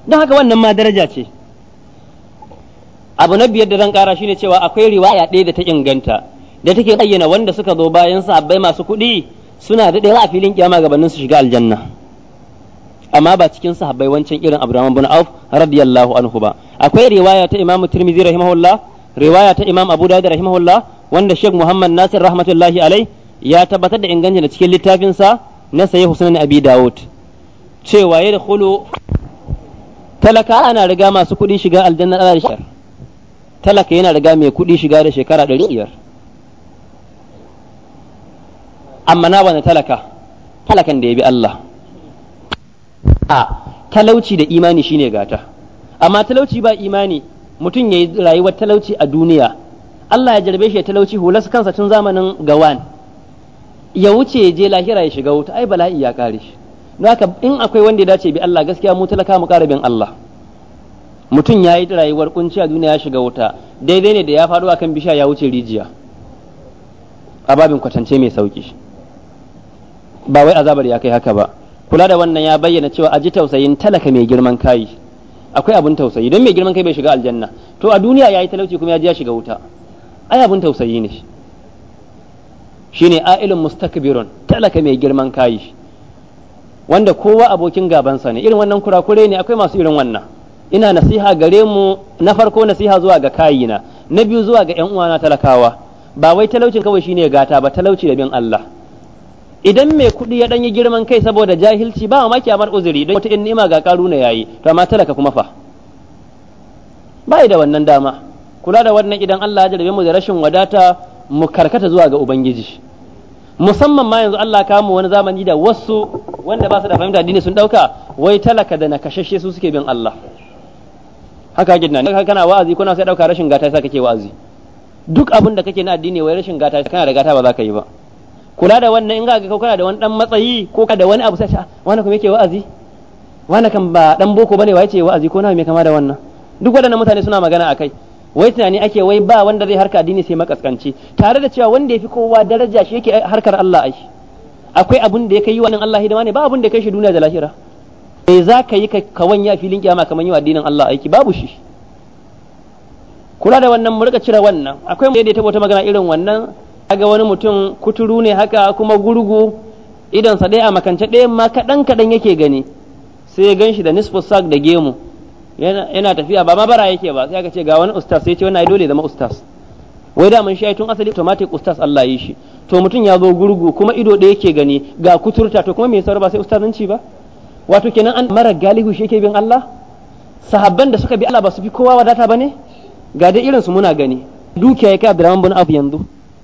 don haka wannan ma daraja ce abu na biyar da zan kara shine cewa akwai riwaya ɗaya da ta inganta da take bayyana wanda suka zo bayan sahabbai masu kuɗi suna da daɗewa a filin kiyama gabanin su shiga aljanna amma ba cikin sahabbai wancan irin Abdurrahman bin Auf radiyallahu anhu ba akwai riwaya ta Imam Tirmidhi rahimahullah riwaya ta Imam Abu Dawud rahimahullah wanda Sheikh Muhammad Nasir rahmatullahi alai ya tabbatar da ingancin da cikin littafin sa na Sahih Sunan Abi Dawud cewa ya dakhulu talaka ana riga masu kuɗi shiga aljanna da shar talaka yana riga mai kuɗi shiga da shekara 500 amma na wani talaka talakan da ya bi Allah a talauci da imani shine gata amma talauci ba imani mutum ya yi rayuwar talauci a duniya Allah ya jarbe shi ya talauci hulas kansa tun zamanin gawan ya wuce ya je lahira ya shiga wuta ai bala'i ya kare shi haka in akwai wanda ya dace bi Allah gaskiya mu talaka mu bin Allah mutum ya yi rayuwar kunci a duniya ya shiga wuta daidai ne da ya faru akan bisha ya wuce rijiya a kwatance mai sauki ba wai azabar ya kai haka ba kula da wannan ya bayyana cewa aji tausayin talaka mai girman kai akwai abun tausayi don mai girman kai bai shiga aljanna to a duniya ya yi talauci kuma ya ji ya shiga wuta ai abun tausayi ne shine ailun mustakbirun talaka mai girman kai wanda kowa abokin gabansa ne irin wannan kurakure ne akwai masu irin wannan ina nasiha gare mu na farko nasiha zuwa ga kayina na biyu zuwa ga yan uwana talakawa ba wai talaucin kawai shine gata ba talauci da bin Allah idan mai kuɗi ya ɗan yi girman kai saboda jahilci ba ma a amar uzuri don wata in nima ga na yayi to amma talaka kuma fa bai da wannan dama kula da wannan idan Allah ya jarabe mu da rashin wadata mu karkata zuwa ga ubangiji musamman ma yanzu Allah ka mu wani zamani da wasu wanda ba su da fahimta addini sun dauka wai talaka da nakashashe su suke bin Allah haka gidan kana wa'azi kuna sai dauka rashin gata sai kake wa'azi duk abin da kake na addini wai rashin gata kana da gata ba za ka yi ba kula da wannan in ga ka kana da wani dan matsayi ko ka da wani abu sai sha ah, wani kuma yake wa'azi wani kan ba dan boko bane wai ce wa'azi ko na mai kama da wannan duk waɗannan mutane suna magana akai wai tunani ake wai ba wanda zai harka addini sai makaskanci tare da cewa wanda yafi kowa daraja shi yake harkar Allah ai akwai abun da ya kai wannan Allah hidima ne ba abun da kai shi duniya da lahira me za ka yi ka wanya filin kiyama kamar yi addinin Allah aiki babu shi kula da wannan mu rika cire wannan akwai mu da ta magana irin wannan ga wani mutum kuturu ne haka kuma gurgu sa ɗaya a makance ɗaya ma kaɗan kaɗan yake gani sai ya gan shi da nisfu sak da gemu yana tafiya ba ma bara yake ba sai aka ce ga wani ustaz sai ce wannan dole zama ustaz wai da mun shi tun asali automatic ustaz Allah yi shi to mutum ya zo gurgu kuma ido ɗaya yake gani ga kuturta to kuma me yasa ba sai ustazanci ba wato kenan an mara galihu shi yake bin Allah sahabban da suka bi Allah ba su fi kowa wadata bane ga dai irin su muna gani dukiya yake Abdurrahman bin Auf yanzu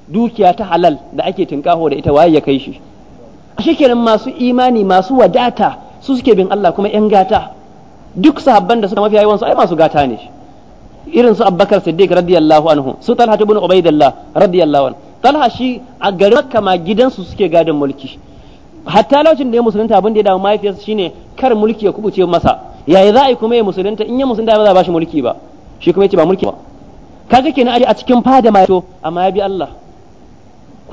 dukiya ta halal da ake tinkaho da ita waye ya kai shi A kenan masu imani masu wadata su suke bin Allah kuma yan gata duk sahabban da suka mafi yawan su ai masu gata ne irin su Abubakar Siddiq radiyallahu anhu su Talha ibn Ubaidillah radiyallahu anhu Talha shi a garin Makka ma gidansu suke gadon mulki hatta lokacin da ya musulunta abin da ya dawo mahaifiyarsa shine kar mulki ya kubuce masa yayi za a yi kuma ya musulunta in ya musulunta ba za a bashi mulki ba shi kuma yace ba mulki ba kaga kenan aje a cikin fada ma to amma ya bi Allah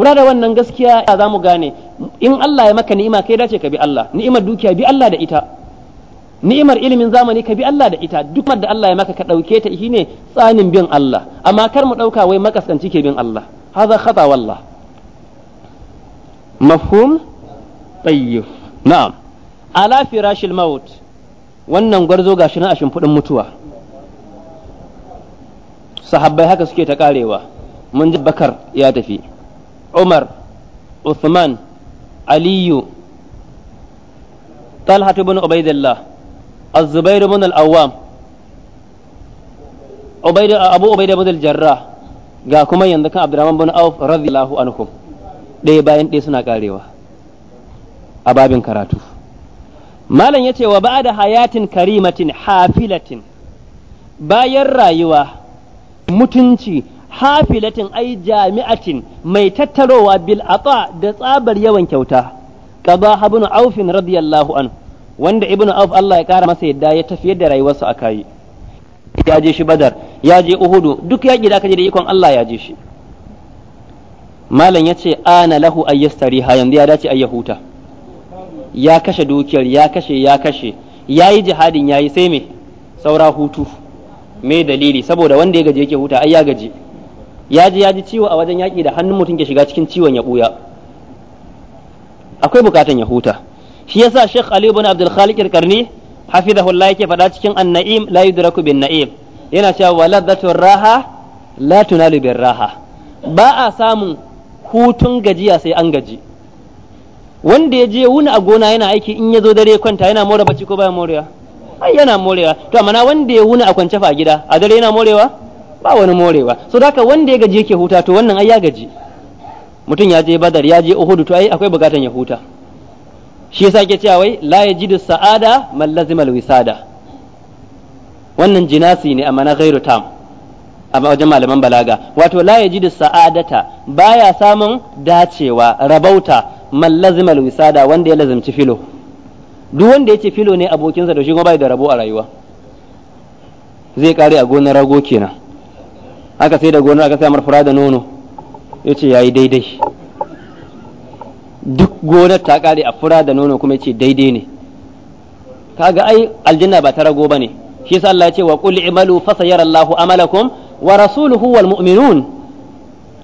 Kuna da wannan gaskiya ya za mu gane in Allah ya maka ni'ima kai dace ka bi Allah ni'imar dukiya bi Allah da ita ni'imar ilimin zamani ka bi Allah da ita duk da Allah ya maka ka dauke ta shine tsanin bin Allah amma kar mu dauka wai makaskanci ke bin Allah hadha khata wallah mafhum tayyib na'am ala firashil maut wannan gwarzo gashi na ashin fudin mutuwa sahabbai haka suke ta karewa mun ji bakar ya tafi umar usman aliyu talha ibn ubaidillah az-zubair ibn al-awwam abu ubaida ibn al-jarrah ga kuma yanzu kan abdurrahman bin auf radiyallahu anhum ɗaya bayan ɗaya suna karewa a babin karatu malam yace wa ba'da hayatin karimatin hafilatin bayan rayuwa mutunci hafilatin ai jami'atin mai tattarowa bil aqa da tsabar yawan kyauta qada habnu auf radiyallahu an wanda ibn auf Allah ya kara masa yadda ya tafiyar da rayuwarsa akai ya je shi badar ya je uhudu duk ya da aka je da ikon Allah ya je shi malam ya ce ana lahu ayyastariha yanzu ya dace ya huta ya kashe dukiyar ya kashe ya kashe Yayi jihadin yayi sai me saura hutu me dalili saboda wanda ya gaji yake huta ai ya gaji ya ji ya ji ciwo a wajen yaƙi da hannun mutum ke shiga cikin ciwon ya ɓuya akwai bukatan ya huta shi yasa Sheikh Ali ibn Abdul Khaliq al-Qarni hafizahullah yake faɗa cikin an-na'im la yudraku bin na'im yana cewa waladatu raha la tunalu raha ba a samun hutun gajiya sai an gaji wanda ya je wuni a gona yana aiki in ya zo dare kwanta yana more bacci ko baya morewa ai yana morewa to amma wanda ya wuni a kwance fa gida a dare yana morewa ba wani morewa so daka wanda ya gaji yake huta to wannan ai ya gaji mutum ya je badar ya je uhudu to ai akwai bukatan ya huta shi yasa ke cewa wai la yajidu sa'ada man wisada wannan jinasi ne amma na ghairu tam a wajen malaman balaga wato la yajidu sa'adata baya samun dacewa rabauta man lazimal wisada wanda ya lazimci filo duk wanda yace filo ne abokinsa to shi kuma bai da rabo a rayuwa zai kare a gonar rago kenan aka sai da gonar aka samar fura da nono ya ce ya yi daidai duk gonar ta kare a fura da nono kuma ya ce daidai ne kaga ai aljanna ba ta rago ba ne shi sa Allah ya ce wa qul i'malu fa allahu amalakum wa rasuluhu wal mu'minun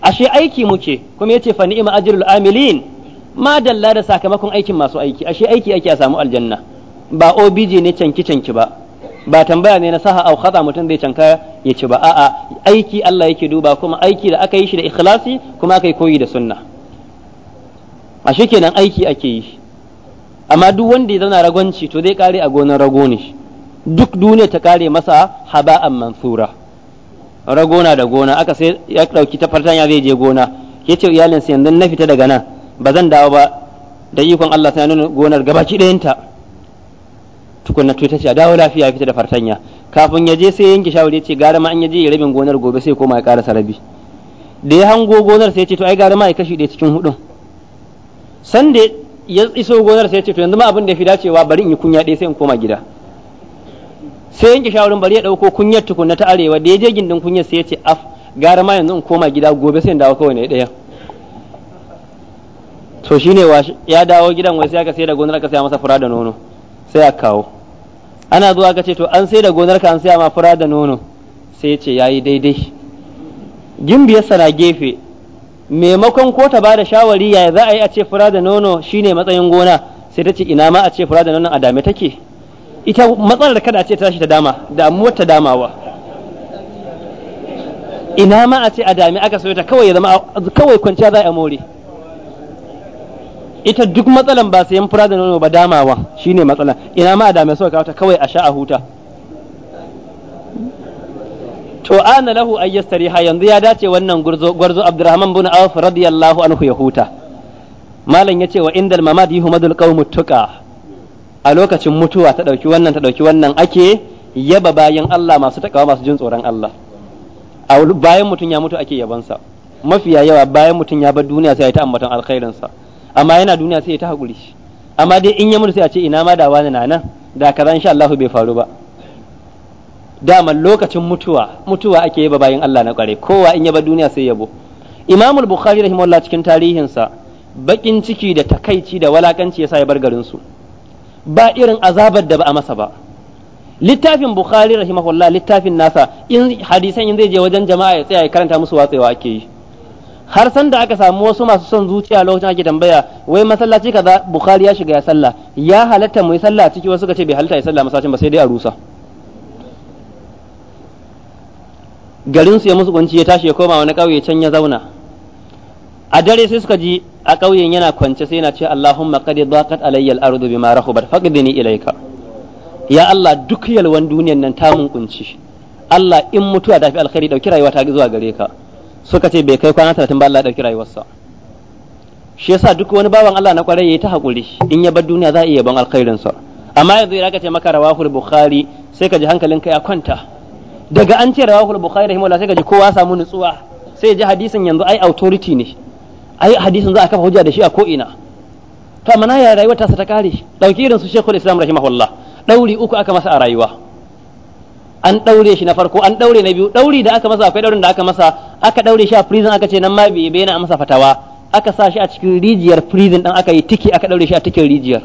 ashe aiki muke kuma ya ce fa ni'ma ajrul amilin ma dalla da sakamakon aikin masu aiki ashe aiki ake a samu aljanna ba obj ne canki canki ba ba tambaya ne na saha au khata mutum zai canka ya ci ba a'a aiki Allah yake duba kuma aiki da aka yi shi da ikhlasi kuma aka yi koyi da sunna a kenan aiki ake yi amma duk wanda ya zauna ragonci to zai kare a gonar rago duk duniya ta kare masa haba'an mansura ragona da gona aka sai ya dauki ta fartanya zai je gona yace iyalinsa yanzu na fita daga nan ba zan dawo ba da ikon Allah sai nuna gonar gabaki dayanta. tukunna ta ce a dawo lafiya fita da fartanya kafin ya je sai yanke shawari ce gara ma an ya je ya rabin gonar gobe sai koma ya ƙara sarabi da ya hango gonar sai ya ce to ai gara ma ya kashi ɗaya cikin hudun sanda ya iso gonar sai ya ce to yanzu ma abin da ya fi dacewa bari in yi kunya ɗaya sai in koma gida sai yanke shawarin bari ya ɗauko kunyar tukunna ta arewa da ya je gindin kunyar sai ya ce af gara ma yanzu in koma gida gobe sai in dawo kawai na ɗaya to shine ya dawo gidan wai sai aka sai da gonar aka sai masa fura da nono sai a kawo ana zuwa ka ce to an sai da gonar ka an sai ma fura da nono sai ce ya yi daidai. daidai gimbiyarsa na gefe maimakon ko ta bada shawari yaya za a yi a ce fura da nono shine matsayin gona sai ta ce ina ma a ce fura da nono a dame take ita matsalar kada a ce ta tashi ta dama damuwar ta damawa ina ma a ce a dame aka soyota kawai ya zama kawai kwanciya za a more ita duk matsalan ba sayan fura da nono ba damawa shine matsala ina ma da mai suka kawo kawai a sha a huta to ana lahu ayyastari ha yanzu ya dace wannan gurzo gurzo Abdurrahman bin Auf radiyallahu anhu ya huta malam yace wa indal mamad yuhmadul qawmu tuqa a lokacin mutuwa ta dauki wannan ta dauki wannan ake yaba bayan Allah masu takawa masu jin tsoron Allah a bayan mutum ya mutu ake yabansa mafiya yawa bayan mutum ya bar duniya sai ya ta ambaton alkhairinsa sa amma yana duniya sai ya ta haƙuri amma dai in ya mutu sai a ce ina ma da wani na nan da kaza insha Allah bai faru ba dama lokacin mutuwa mutuwa ake yaba bayan Allah na kware kowa in yaba duniya sai yabo imamul bukhari rahimahullah cikin tarihinsa bakin ciki da takaici da walakanci yasa ya bar garin su ba irin azabar da ba a masa ba littafin Bukhari rahimahullah littafin nasa in hadisan in zai je wajen jama'a ya tsaya ya karanta musu watsewa ake yi har san da aka samu wasu masu son zuciya lokacin ake tambaya wai masallaci kaza bukhari ya shiga ya sallah ya halatta mu yi sallah ciki wasu suka ce bai halatta ya sallah masallacin ba sai dai a rusa garin su ya musu kunci ya tashi ya koma wani ƙauye can ya zauna a dare sai suka ji a kauyen yana kwance sai yana ce Allahumma qad daqat alayya al-ardu bima rahubat faqdini ilayka ya Allah duk yalwan duniyan nan ta mun kunci Allah in mutuwa tafi alkhairi dauki rayuwa ta zuwa gare ka suka ce bai kai kwana talatin ba Allah ya ɗauki rayuwarsa shi yasa duk wani bawan Allah na kwarai yayi ta hakuri in ya bar duniya za a iya ban alkhairin sa amma yanzu idan ka ce maka rawahul bukhari sai ka ji hankalin ka ya kwanta daga an ce rawahul bukhari rahimahullah sai ka ji kowa samu nutsuwa sai ji hadisin yanzu ai authority ne ai hadisin za a kafa hujja da shi a ko'ina. ina to amma ya rayuwar ta ta kare dauki irin su shekul islam rahimahullah dauri uku aka masa a rayuwa an daure shi na farko an daure na biyu dauri da aka masa akwai daurin da aka masa aka daure shi a prison aka ce nan ma bai bayyana masa fatawa aka sa shi a cikin rijiyar prison dan aka yi tiki aka daure shi a cikin rijiyar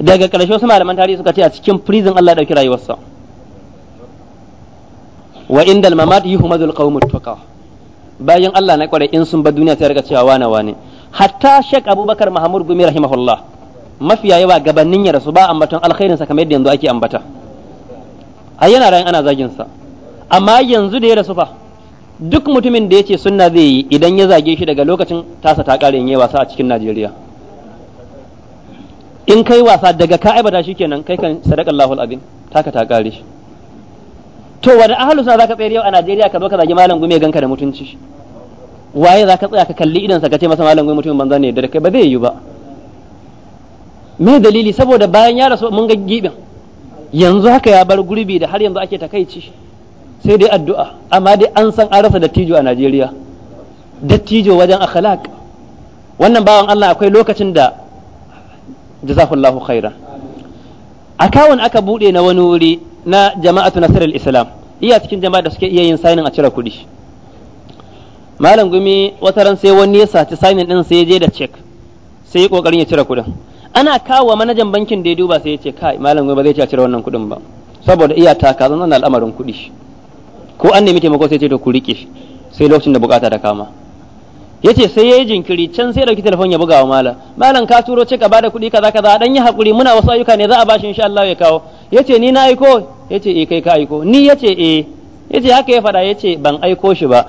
daga ƙarshe wasu malaman tarihi suka ce a cikin prison Allah ya dauki rayuwarsa wa indal mamat yuhmadul qawm tuqa bayan Allah na kware in sun ba duniya sai rika cewa wane wane hatta shek Abubakar Mahmud Gumi rahimahullah mafiya yawa gabanin ya rasu ba ambaton alkhairin sa kamar yadda yanzu ake ambata a yana rayan ana zagin sa amma yanzu da ya rasu fa duk mutumin da yace sunna zai yi idan ya zage shi daga lokacin tasa ta kare yin wasa a cikin Najeriya in kai wasa daga ka aibata kenan kai kan Allahul alazim taka ta kare shi to wani ahalu suna zaka tsayar yau a Najeriya ka zo ka zagi malam gume ganka da mutunci waye zaka tsaya ka kalli idan sa ka ce masa malam gume mutumin banza ne da kai ba zai yi ba me dalili saboda bayan ya rasu mun ga gibin yanzu haka ya bar gurbi da har yanzu ake takaici sai dai addu'a amma dai an san an rasa dattijo a Najeriya dattijo wajen akhlaq wannan bawan Allah akwai lokacin da jazakallahu A akawun aka bude na wani wuri na jama'atu nasarar islam iya cikin jama'a da suke iya yin sainin a cire kuɗi malam gumi wata ran sai wani ya saci sainin din sai ya je da cek sai ya kokarin ya cire kuɗin ana kawo wa manajan bankin da ya duba sai ya ce kai malam ba zai ci a cire wannan kuɗin ba saboda iya taka zan zana al'amarin kuɗi ko an nemi taimako sai ce to ku riƙe, sai lokacin da bukata ta kama yace sai yayi jinkiri can sai dauki telefon ya buga wa malam malam ka turo ce ka bada kuɗi kaza kaza dan yi hakuri muna wasu ayyuka ne za a bashi insha Allah ya kawo yace ni na aiko yace eh kai ka aiko ni yace eh yace haka ya faɗa yace ban aiko shi ba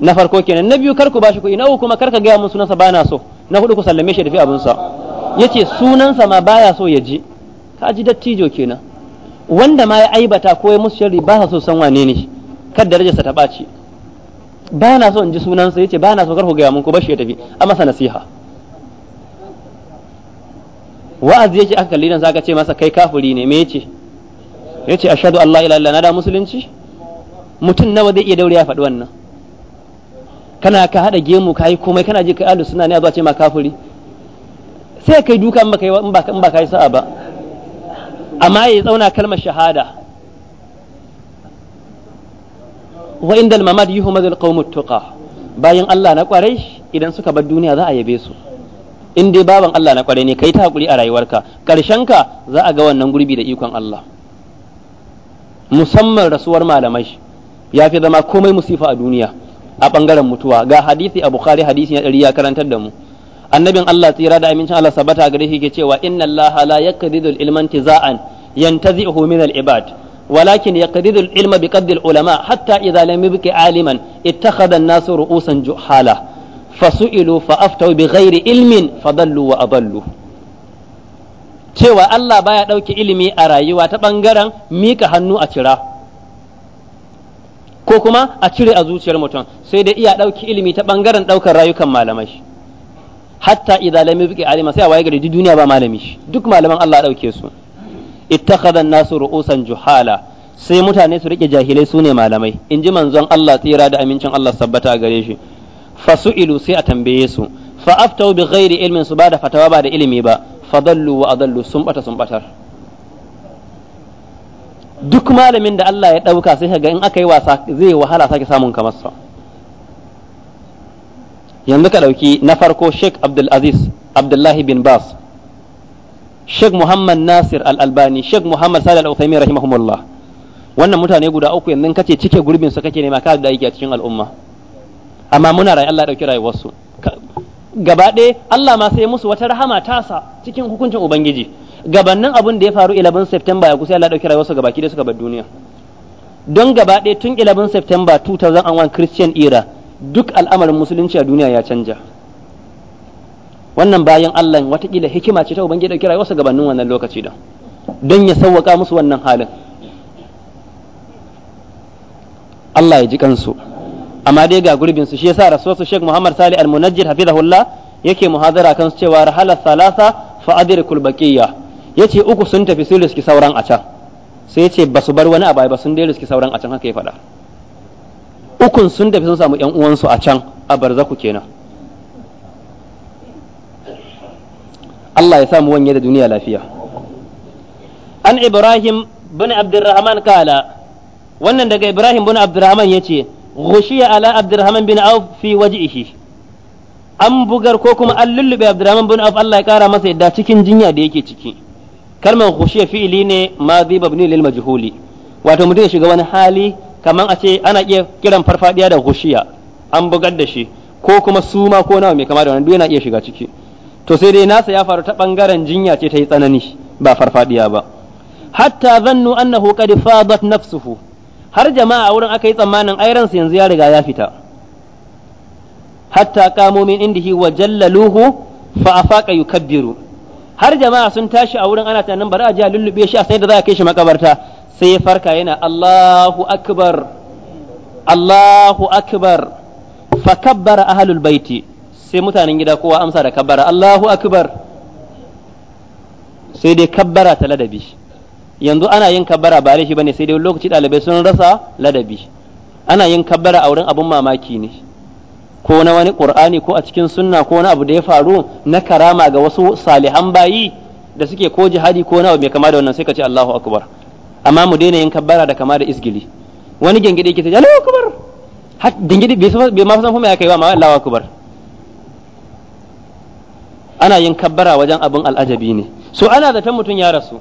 na farko kenan na biyu kar ku bashi kuɗi na uku kuma kar ka gaya mun sunansa bana so na hudu ku sallame shi da fi abin sa yace sunansa ma baya so ya ji ka ji dattijo kenan wanda ma ya aibata ko ya musu sharri ba sa so san wane ne kar darajarsa ta ɓaci ba na so in ji sunansa ce ba na so kar ku gaya mun ko bashi ya tafi a masa nasiha wa'azi ce aka kalli nan zaka ce masa kai kafuri ne me yace yace ashhadu an la ilaha illallah da musulunci mutum nawa zai iya daure ya faɗi wannan kana ka hada gemu ka yi komai kana ji ka alu suna ne a zuwa ce ma kafuri. sai kai duka in baka in yi sa'a ba amma ya tsauna kalmar shahada wa indal mamad yuhmadul qaumut tuqa bayan Allah na kwarai idan suka bar duniya za a yabe su in dai baban Allah na kwarai ne kai ta hakuri a rayuwarka karshen ka za a ga wannan gurbi da ikon Allah musamman rasuwar malamai ya fi zama komai musifa a duniya a bangaren mutuwa ga hadisi a bukhari hadisi ya ya karantar da mu annabin Allah tsira da amincin Allah sabata gare shi ke cewa inna Allah la yakdidu al ilman tiza'an yantazi'uhu min al-ibad ولكن يقدر hatta بقدر العلماء حتى إذا لم يبق nasu اتخذ الناس رؤوسا جهالا bi ghairi ilmin fadallu wa adallu cewa Allah baya dauke ilimi a rayuwa ta ɓangaren mika hannu a cira ko kuma a cire a zuciyar mutum sai da iya dauki ilimi ta bangaren ɗaukar rayukan malamai hatta idza lam yabqi alima sai a waye gari duniya ba malami shi duk malaman Allah dauke su ittakhadha an-nasu ru'usan juhala sai mutane su rike jahilai sune malamai in ji manzon Allah tsira da amincin Allah sabbata gare shi fasu'ilu sai a tambaye su fa aftau bi ghairi ilmin su bada fatawa ba da ilimi ba fadallu wa adallu sun bata sun batar duk malamin da Allah ya dauka sai ka ga in aka yi wasa zai wahala sake samun kamar sa. yanzu ka ɗauki na farko sheikh abdulaziz abdullahi bin bas sheikh muhammad nasir al-albani sheikh muhammad salih al-uthaymin rahimahumullah wannan mutane guda uku yanzu kace cike gurbin su kake nema ka da aiki a cikin al'umma amma muna rai Allah ya dauki su gaba ɗaya Allah ma sai musu wata rahama tasa cikin hukuncin ubangiji gabannin abin da ya faru 11 September ya kusa Allah ya dauki rayuwarsu gabaki da suka bar duniya don gaba ɗaya tun 11 September 2001 Christian era duk al'amarin musulunci a duniya ya canja wannan bayan Allah watakila hikima ce ta ubangiji da kira wasu gabanin wannan lokaci da don ya sauwaka musu wannan halin Allah ya ji kansu amma dai ga gurbin su shi yasa rasuwarsu Sheikh Muhammad Salih Al-Munajjid hafizahullah yake muhadara kan su cewa rahala salasa fa adrikul baqiyya yace uku sun tafi su ki sauran a can sai yace basu bar wani abai ba sun dai sauran a can haka ya faɗa ukun sun tafi sun samu yan uwansu a can a barzaku kenan Allah ya samu wanye da duniya lafiya an ibrahim bin abdurrahman kala wannan daga ibrahim bin abdurrahman ce ghushiya ala abdurrahman bin auf fi wajhihi an bugar ko kuma an lullube abdurrahman bin auf Allah ya kara masa yadda cikin jinya da yake ciki kalmar ghushiya fi'ili ne ma madhi ne lil majhuli wato mutum ya shiga wani hali kamar a ce ana iya kiran farfadiya da gushiya an bugar da shi ko kuma suma ko nawa mai kama da wannan duk yana iya shiga ciki to sai dai nasa ya faru ta bangaren jinya ce ta yi tsanani ba farfadiya ba hatta zannu annahu qad fadat nafsuhu har jama'a wurin aka yi tsammanin ai ransa yanzu ya riga ya fita hatta qamu min indihi wa jallaluhu fa afaqa yukabbiru har jama'a sun tashi a wurin ana tunanin bari a ji a lullube shi a sai da za a kai shi makabarta sai ya farka yana Allahu akbar Allahu akbar fa kabbara ahlul baiti sai mutanen gida kowa amsa da kabbara Allahu akbar sai dai kabbara ta ladabi yanzu ana yin kabbara ba laifi bane sai dai lokaci ɗalibai sun rasa ladabi ana yin kabbara a wurin abun mamaki ne ko na wani qur'ani ko a cikin sunna ko na abu da ya faru na karama ga wasu salihan bayi da suke ko jihadi ko na abu mai kama da wannan sai ka ce Allahu akbar amma mu daina yin kabbara da kama da isgili wani gengide yake ta Allahu akbar har gengide bai ma san fa ya kai ba ma Allahu akbar ana yin kabbara wajen abin al'ajabi ne so ana da zaton mutum ya rasu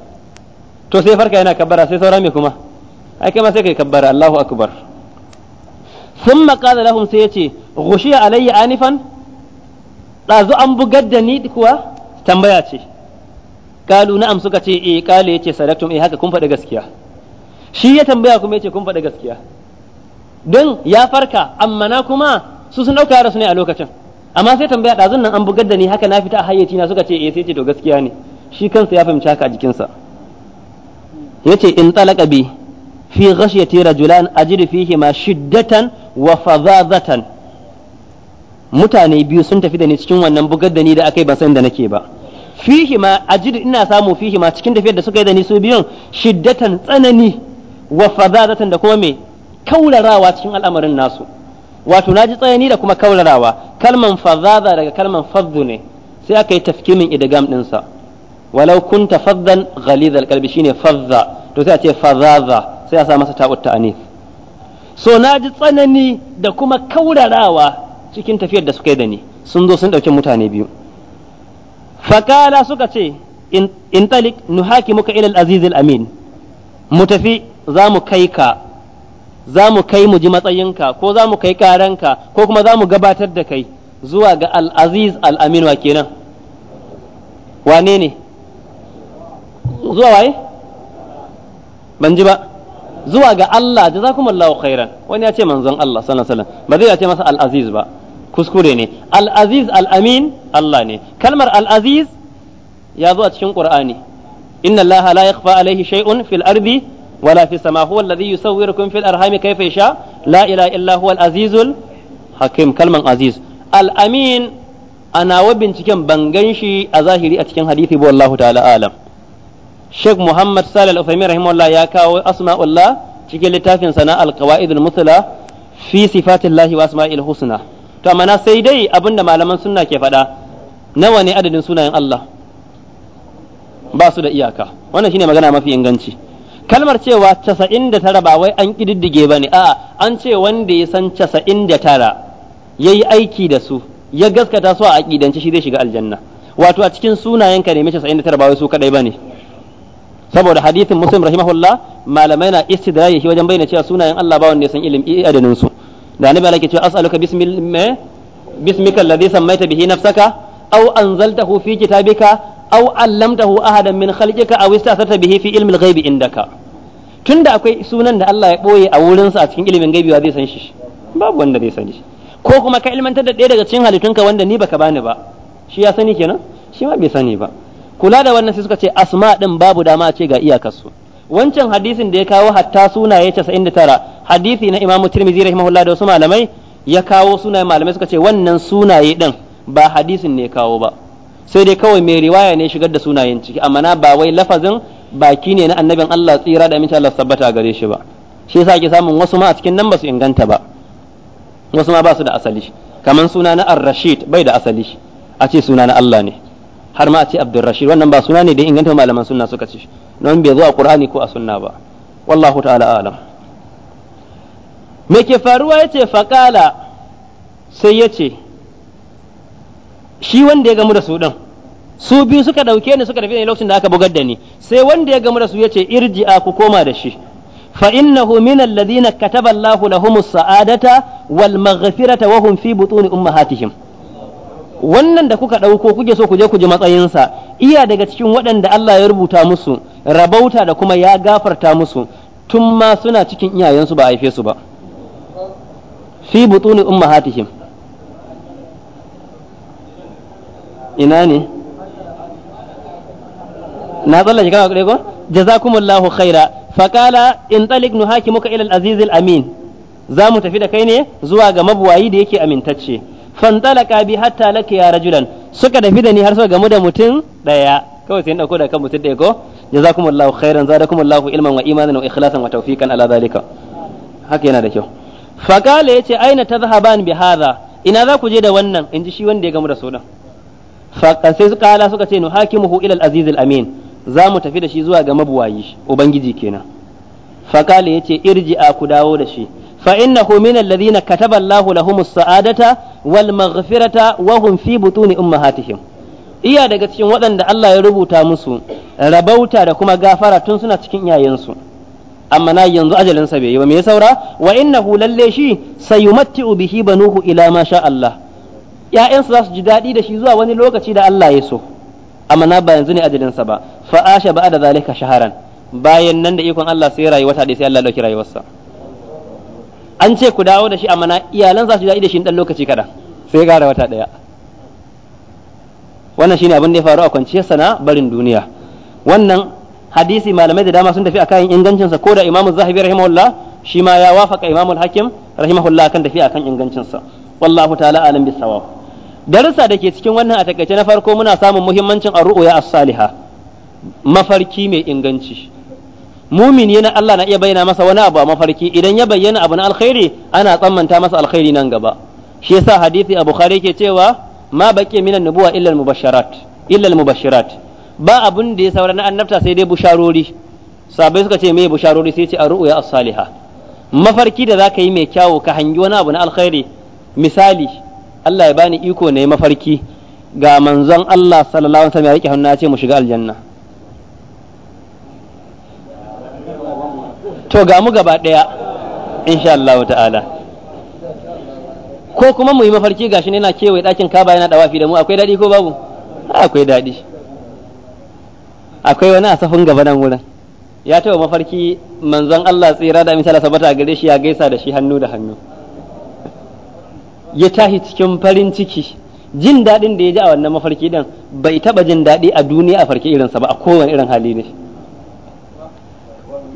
to sai farka yana kabbara sai saura me kuma ai kai ma sai kai kabbara Allahu akbar thumma qala lahum sai yace ghushiya alayya anifan dazu an bugar da ni kuwa tambaya ce kalu na'am suka ce eh kale yace sadaqtum eh haka kun faɗi gaskiya shi ya tambaya kuma yace kun faɗi gaskiya don ya farka amma na kuma su sun dauka rasu ne a lokacin amma sai tambaya ɗazun nan an bugar da ni haka na fita a hayyaci na suka ce eh sai ce to gaskiya ne shi kansa ya fahimci haka a jikinsa yace in talaka bi fi ghashyati rajulan ajid fihi ma shiddatan wa fadhadhatan mutane biyu sun tafi da ni cikin wannan bugar da ni da akai ban san da nake ba fihi ma ajidu ina samu fihi ma cikin tafiyar da suka yi da ni su biyun shiddatan tsanani wa fadadatan da kuma me kaurarawa cikin al'amarin nasu wato naji tsayani da kuma kaurarawa kalman fadada daga kalman faddu ne sai aka yi tafkimin idgam dinsa walau kunta faddan ghalidha alqalbi shine fadda to sai a ce fadada sai a sa masa ta'ut ta'anis so naji tsanani da kuma kaurarawa cikin tafiyar da suka yi da ni sun zo sun dauki mutane biyu fakala suka ce in talik nuhakimuka ila al-aziz al-amin mu tafi za kai ka zamu kai mu ji matsayinka ko zamu mu kai karanka ko kuma zamu gabatar da kai zuwa ga al-aziz al-amin wa kenan wane ne zuwa waye ban ji ba zuwa ga Allah jazakumullahu khairan wani ya ce manzon Allah sallallahu alaihi wasallam ba zai ya ce masa al-aziz ba kuskure ne al-aziz al-amin Allah ne kalmar al-aziz ya zo a cikin qur'ani inna allaha la yakhfa alayhi shay'un fil ardi wala fi sama huwa alladhi yusawwirukum fil arhami kayfa yasha la ilaha illa huwa al-azizul hakim kalmar aziz al-amin ana wa binciken bangan shi a zahiri a cikin hadisi ba wallahu ta'ala alam Sheikh Muhammad Salih Al-Uthaymeen rahimahullah ya kawo asma'ullah cikin littafin sana al-qawaidul musla fi sifatillahi wa asma'il husna to amma sai dai abin da malaman sunna ke faɗa nawa ne adadin sunayen Allah ba su da iyaka wannan shine magana mafi inganci kalmar cewa casa'in da tara ba wai an ƙididdige ba ne a'a an ce wanda ya san casa'in da tara ya yi aiki da su ya gaskata su a aƙidance shi zai shiga aljanna wato a cikin sunayenka ne mai casa'in da tara ba wai su kaɗai ba ne saboda hadithin muslim rahimahullah malamai na istidrai wajen bayyana cewa sunayen Allah ba wanda ya san ilimi adadin su da annabi bala ke cewa as'aluka bismillah bismika alladhi sammaita bihi nafsaka aw anzaltahu fi kitabika aw allamtahu ahadan min khalqika aw istasarta bihi fi ilmi al-ghaibi indaka tunda akwai sunan da Allah ya boye a wurin sa a cikin ilimin gaibi wa zai san shi babu wanda zai san shi ko kuma ka ilmantar da ɗaya daga cikin halittunka wanda ni baka bani ba shi ya sani kenan shi ma bai sani ba kula da wannan sai suka ce asma din babu dama a ce ga iyakarsu wancan hadisin da ya kawo hatta sunaye 99 hadisi na imamu tirmidhi rahimahullah da wasu malamai ya kawo sunayen malamai suka ce wannan sunaye din ba hadisin ne kawo ba sai dai kawai mai riwaya ne shigar da sunayen ciki amma na ba wai lafazin baki ne na annabin Allah tsira da aminci Allah tabbata gare shi ba shi yasa ake samun wasu ma a cikin nan ba su inganta ba wasu ma ba su da asali kamar suna na ar-rashid bai da asali a ce suna na Allah ne har ma a ce abdurrashid wannan ba suna ne da inganta malaman sunna suka ce don bai zo a qur'ani ko a sunna ba wallahu ta'ala a'lam me ke faruwa ya ce faƙala sai ya ce shi wanda ya gamu da su ɗin su biyu suka ɗauke ni suka tafi ne lokacin da aka bugar da ni sai wanda ya gamu da su ya ce a ku koma da shi fa innahu min alladhina kataba Allahu humus sa'adata wal maghfirata wa hum fi butuni ummahatihim wannan da kuka ɗauko kuke so ku je ku ji matsayinsa iya daga cikin waɗanda Allah ya rubuta musu rabauta da kuma ya gafarta musu tun ma suna cikin iyayensu ba a haife su ba fi butuni ummahatihim ina ne na tsalla shi kana kure ko jazakumullahu khaira fakala in talik muka ila al-aziz al-amin za mu tafi da kai ne zuwa ga mabuwayi da yake amintacce fantalaka bi hatta laka ya rajulan suka tafi da ni har suka gamu da mutum daya kawai sai dauko da kan mutum daya ko jazakumullahu khairan zadakumullahu ilman wa imanan wa ikhlasan wa tawfiqan ala zalika haka yana da kyau faƙala ya ce aina ta bani bi haza ina za ku je da wannan in ji shi wanda ya gamu da sunan sai su kala suka ce nu hakimuhu ilal azizil amin za mu tafi da shi zuwa ga mabuwayi ubangiji kenan faƙala ya ce irji a ku dawo da shi fa innahu min alladhina kataba Allahu lahumus sa'adata wal maghfirata wa hum fi butuni ummahatihim iya daga cikin waɗanda Allah ya rubuta musu rabauta da kuma gafara tun suna cikin iyayensu amma na yanzu ajalin sa bai yi ba me saura wa innahu lalle shi sayumatti bihi banuhu ila ma sha Allah ƴaƴansu za su ji daɗi da shi zuwa wani lokaci da Allah ya so amma na ba yanzu ne ajalin sa ba fa asha ba da zalika shaharan bayan nan da ikon Allah sai rayuwa ta sai Allah ya dauki rayuwarsa an ce ku dawo da shi amma na iyalan za su ji daɗi da shi dan lokaci kaɗan sai gara wata daya. wannan shine abin da ya faru a kwanciyar sana barin duniya wannan hadisi malamai da dama sun tafi akan ingancin sa ko da imamu zahabi rahimahullah shi ma ya wafaka imamu hakim rahimahullah kan tafi akan ingancin sa wallahu ta'ala alam bisawab darussa da ke cikin wannan a takaice na farko muna samun muhimmancin arru'ya as Saliha. mafarki mai inganci mumini na Allah na iya bayyana masa wani abu a mafarki idan ya bayyana abu na alkhairi ana tsammanta masa alkhairi nan gaba shi yasa hadisi a bukhari ke cewa ma baqi minan nubuwa illa al bashirat. illa al-mubashirat ba abin da ya saura na annabta sai dai busharori sabai suka ce me busharori sai ce a ru'uya as-saliha mafarki da zaka yi mai kyawu ka hangi wani abu na alkhairi misali Allah ya bani iko ne mafarki ga manzon Allah sallallahu alaihi wasallam ya rike hannu ya ce mu shiga aljanna to ga mu gaba daya insha Allah ta'ala ko kuma mu yi mafarki gashi ne yana kewaye dakin kaba yana dawafi da mu akwai dadi ko babu akwai dadi akwai wani a safin gaba nan wurin ya taɓa mafarki manzon Allah tsira da misala sabata a gare shi ya gaisa da shi hannu da hannu ya tashi cikin farin ciki jin daɗin da ya ji a wannan mafarki ɗin, bai taɓa jin daɗi a duniya a farki irinsa ba a kowane irin hali ne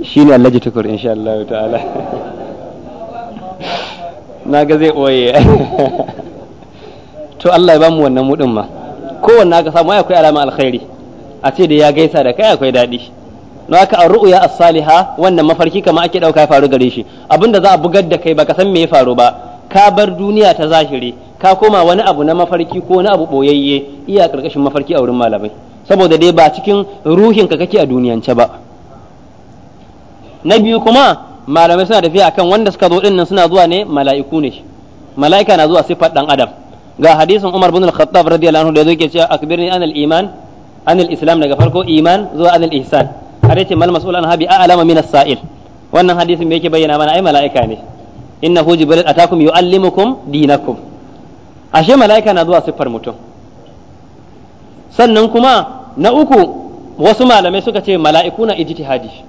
shi ne Allah tukur insha Allah ta'ala na ga zai ɓoye to Allah ya ba mu wannan mudin ma kowanne aka samu akwai alama alkhairi a ce da ya gaisa da kai akwai daɗi na haka an ru'uya as-saliha wannan mafarki kama ake ɗauka faru gare shi abinda za a bugar da kai baka san me ya faru ba ka bar duniya ta zahiri ka koma wani abu na mafarki ko wani abu boyayye iya karkashin mafarki a wurin malamai saboda dai ba cikin ruhinka kake a duniyance ba na biyu kuma malamai suna tafiya akan wanda suka zo dinnan suna zuwa ne mala'iku ne mala'ika na zuwa sifar dan adam ga hadisin Umar bin Al-Khattab radiyallahu anhu da yake cewa akbirni anal iman an islam daga farko iman zuwa anil ihsan har yace mal mas'ul an habi a'lama min as-sa'il wannan hadisin me yake bayyana mana ai mala'ika ne hu jibril atakum yuallimukum dinakum ashe mala'ika na zuwa siffar mutum sannan kuma na uku wasu malamai suka ce mala'iku na ijtihadi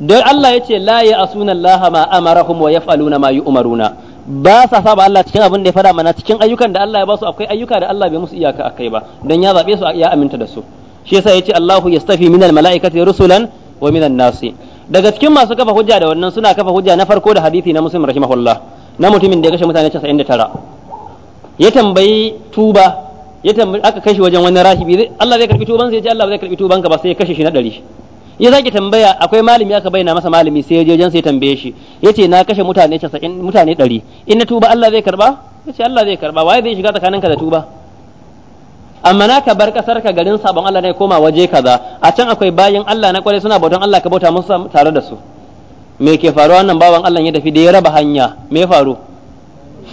don Allah ya ce la ya asuna Allah ma amarahum wa yaf'aluna ma yu'maruna ba sa saba Allah cikin abin da ya fada mana cikin ayyukan da Allah ya ba su akwai ayyuka da Allah bai musu iyaka akai ba dan ya zabe su ya aminta da su shi yasa yace Allahu yastafi minal mala'ikati rusulan wa minan nasi daga cikin masu kafa hujja da wannan suna kafa hujja na farko da hadisi na Muslim rahimahullah na mutumin da ya kashe mutane 99 ya tambayi tuba ya tambayi aka kashe wajen wani rahibi Allah zai karbi tuban sai ya ce Allah zai karbi tuban ka ba sai ya kashe shi na 100 ya zaki tambaya akwai malami aka bayyana masa malami sai yaje je jan sai tambaye shi yace na kashe mutane 90 mutane 100 in na tuba Allah zai karba yace Allah zai karba waye zai shiga tsakaninka da tuba amma na ka bar kasar ka garin sabon Allah ne koma waje kaza a can akwai bayin Allah na kware suna bautan Allah ka bauta musu tare da su me ke faru wannan bawan Allah ya tafi da ya raba hanya me faru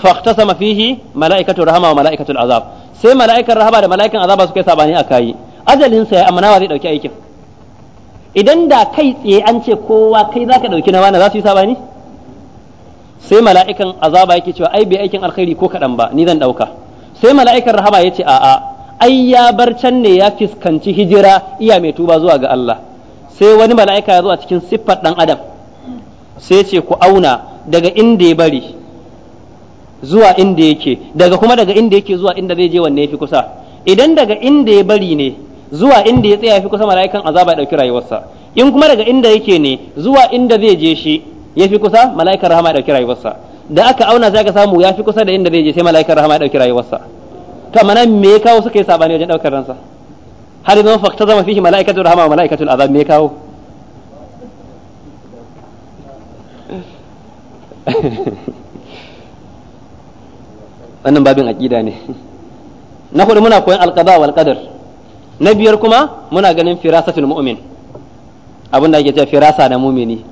fahtasama fihi mala'ikatu rahama wa mala'ikatu azab sai mala'ikar rahama da mala'ikan azaba suka kai sabani akai ajalin sa ya amana wa zai dauki aikin idan da kai tsaye an ce kowa kai zaka ɗauki na wani za su yi sabani sai mala'ikan azaba yake cewa ai bai aikin alkhairi ko kaɗan ba ni zan ɗauka sai mala'ikan rahama ya ce a'a ai ya bar can ne ya fiskanci hijira iya mai tuba zuwa ga Allah sai wani mala'ika ya zo a cikin siffar ɗan adam sai ce ku auna daga inda ya bari zuwa inda yake daga kuma daga inda yake zuwa inda zai je wanne ya fi kusa idan daga inda ya bari ne zuwa inda ya tsaya fi kusa mala'ikan azaba ya dauki rayuwarsa in kuma daga inda yake ne zuwa inda zai je shi ya fi kusa mala'ikan rahama ya dauki rayuwarsa da aka auna sai aka samu ya fi kusa da inda zai je sai mala'ikan rahama ya dauki rayuwarsa to mana me ya kawo suka yi sabani wajen daukar ransa har zama fakta zama fihi mala'ikatul rahama wa mala'ikatul azab me ya kawo wannan babin aqida ne na hudu muna koyon alqada wal qadar na biyar kuma muna ganin firasatul mu'min abin da ake cewa firasa da mumini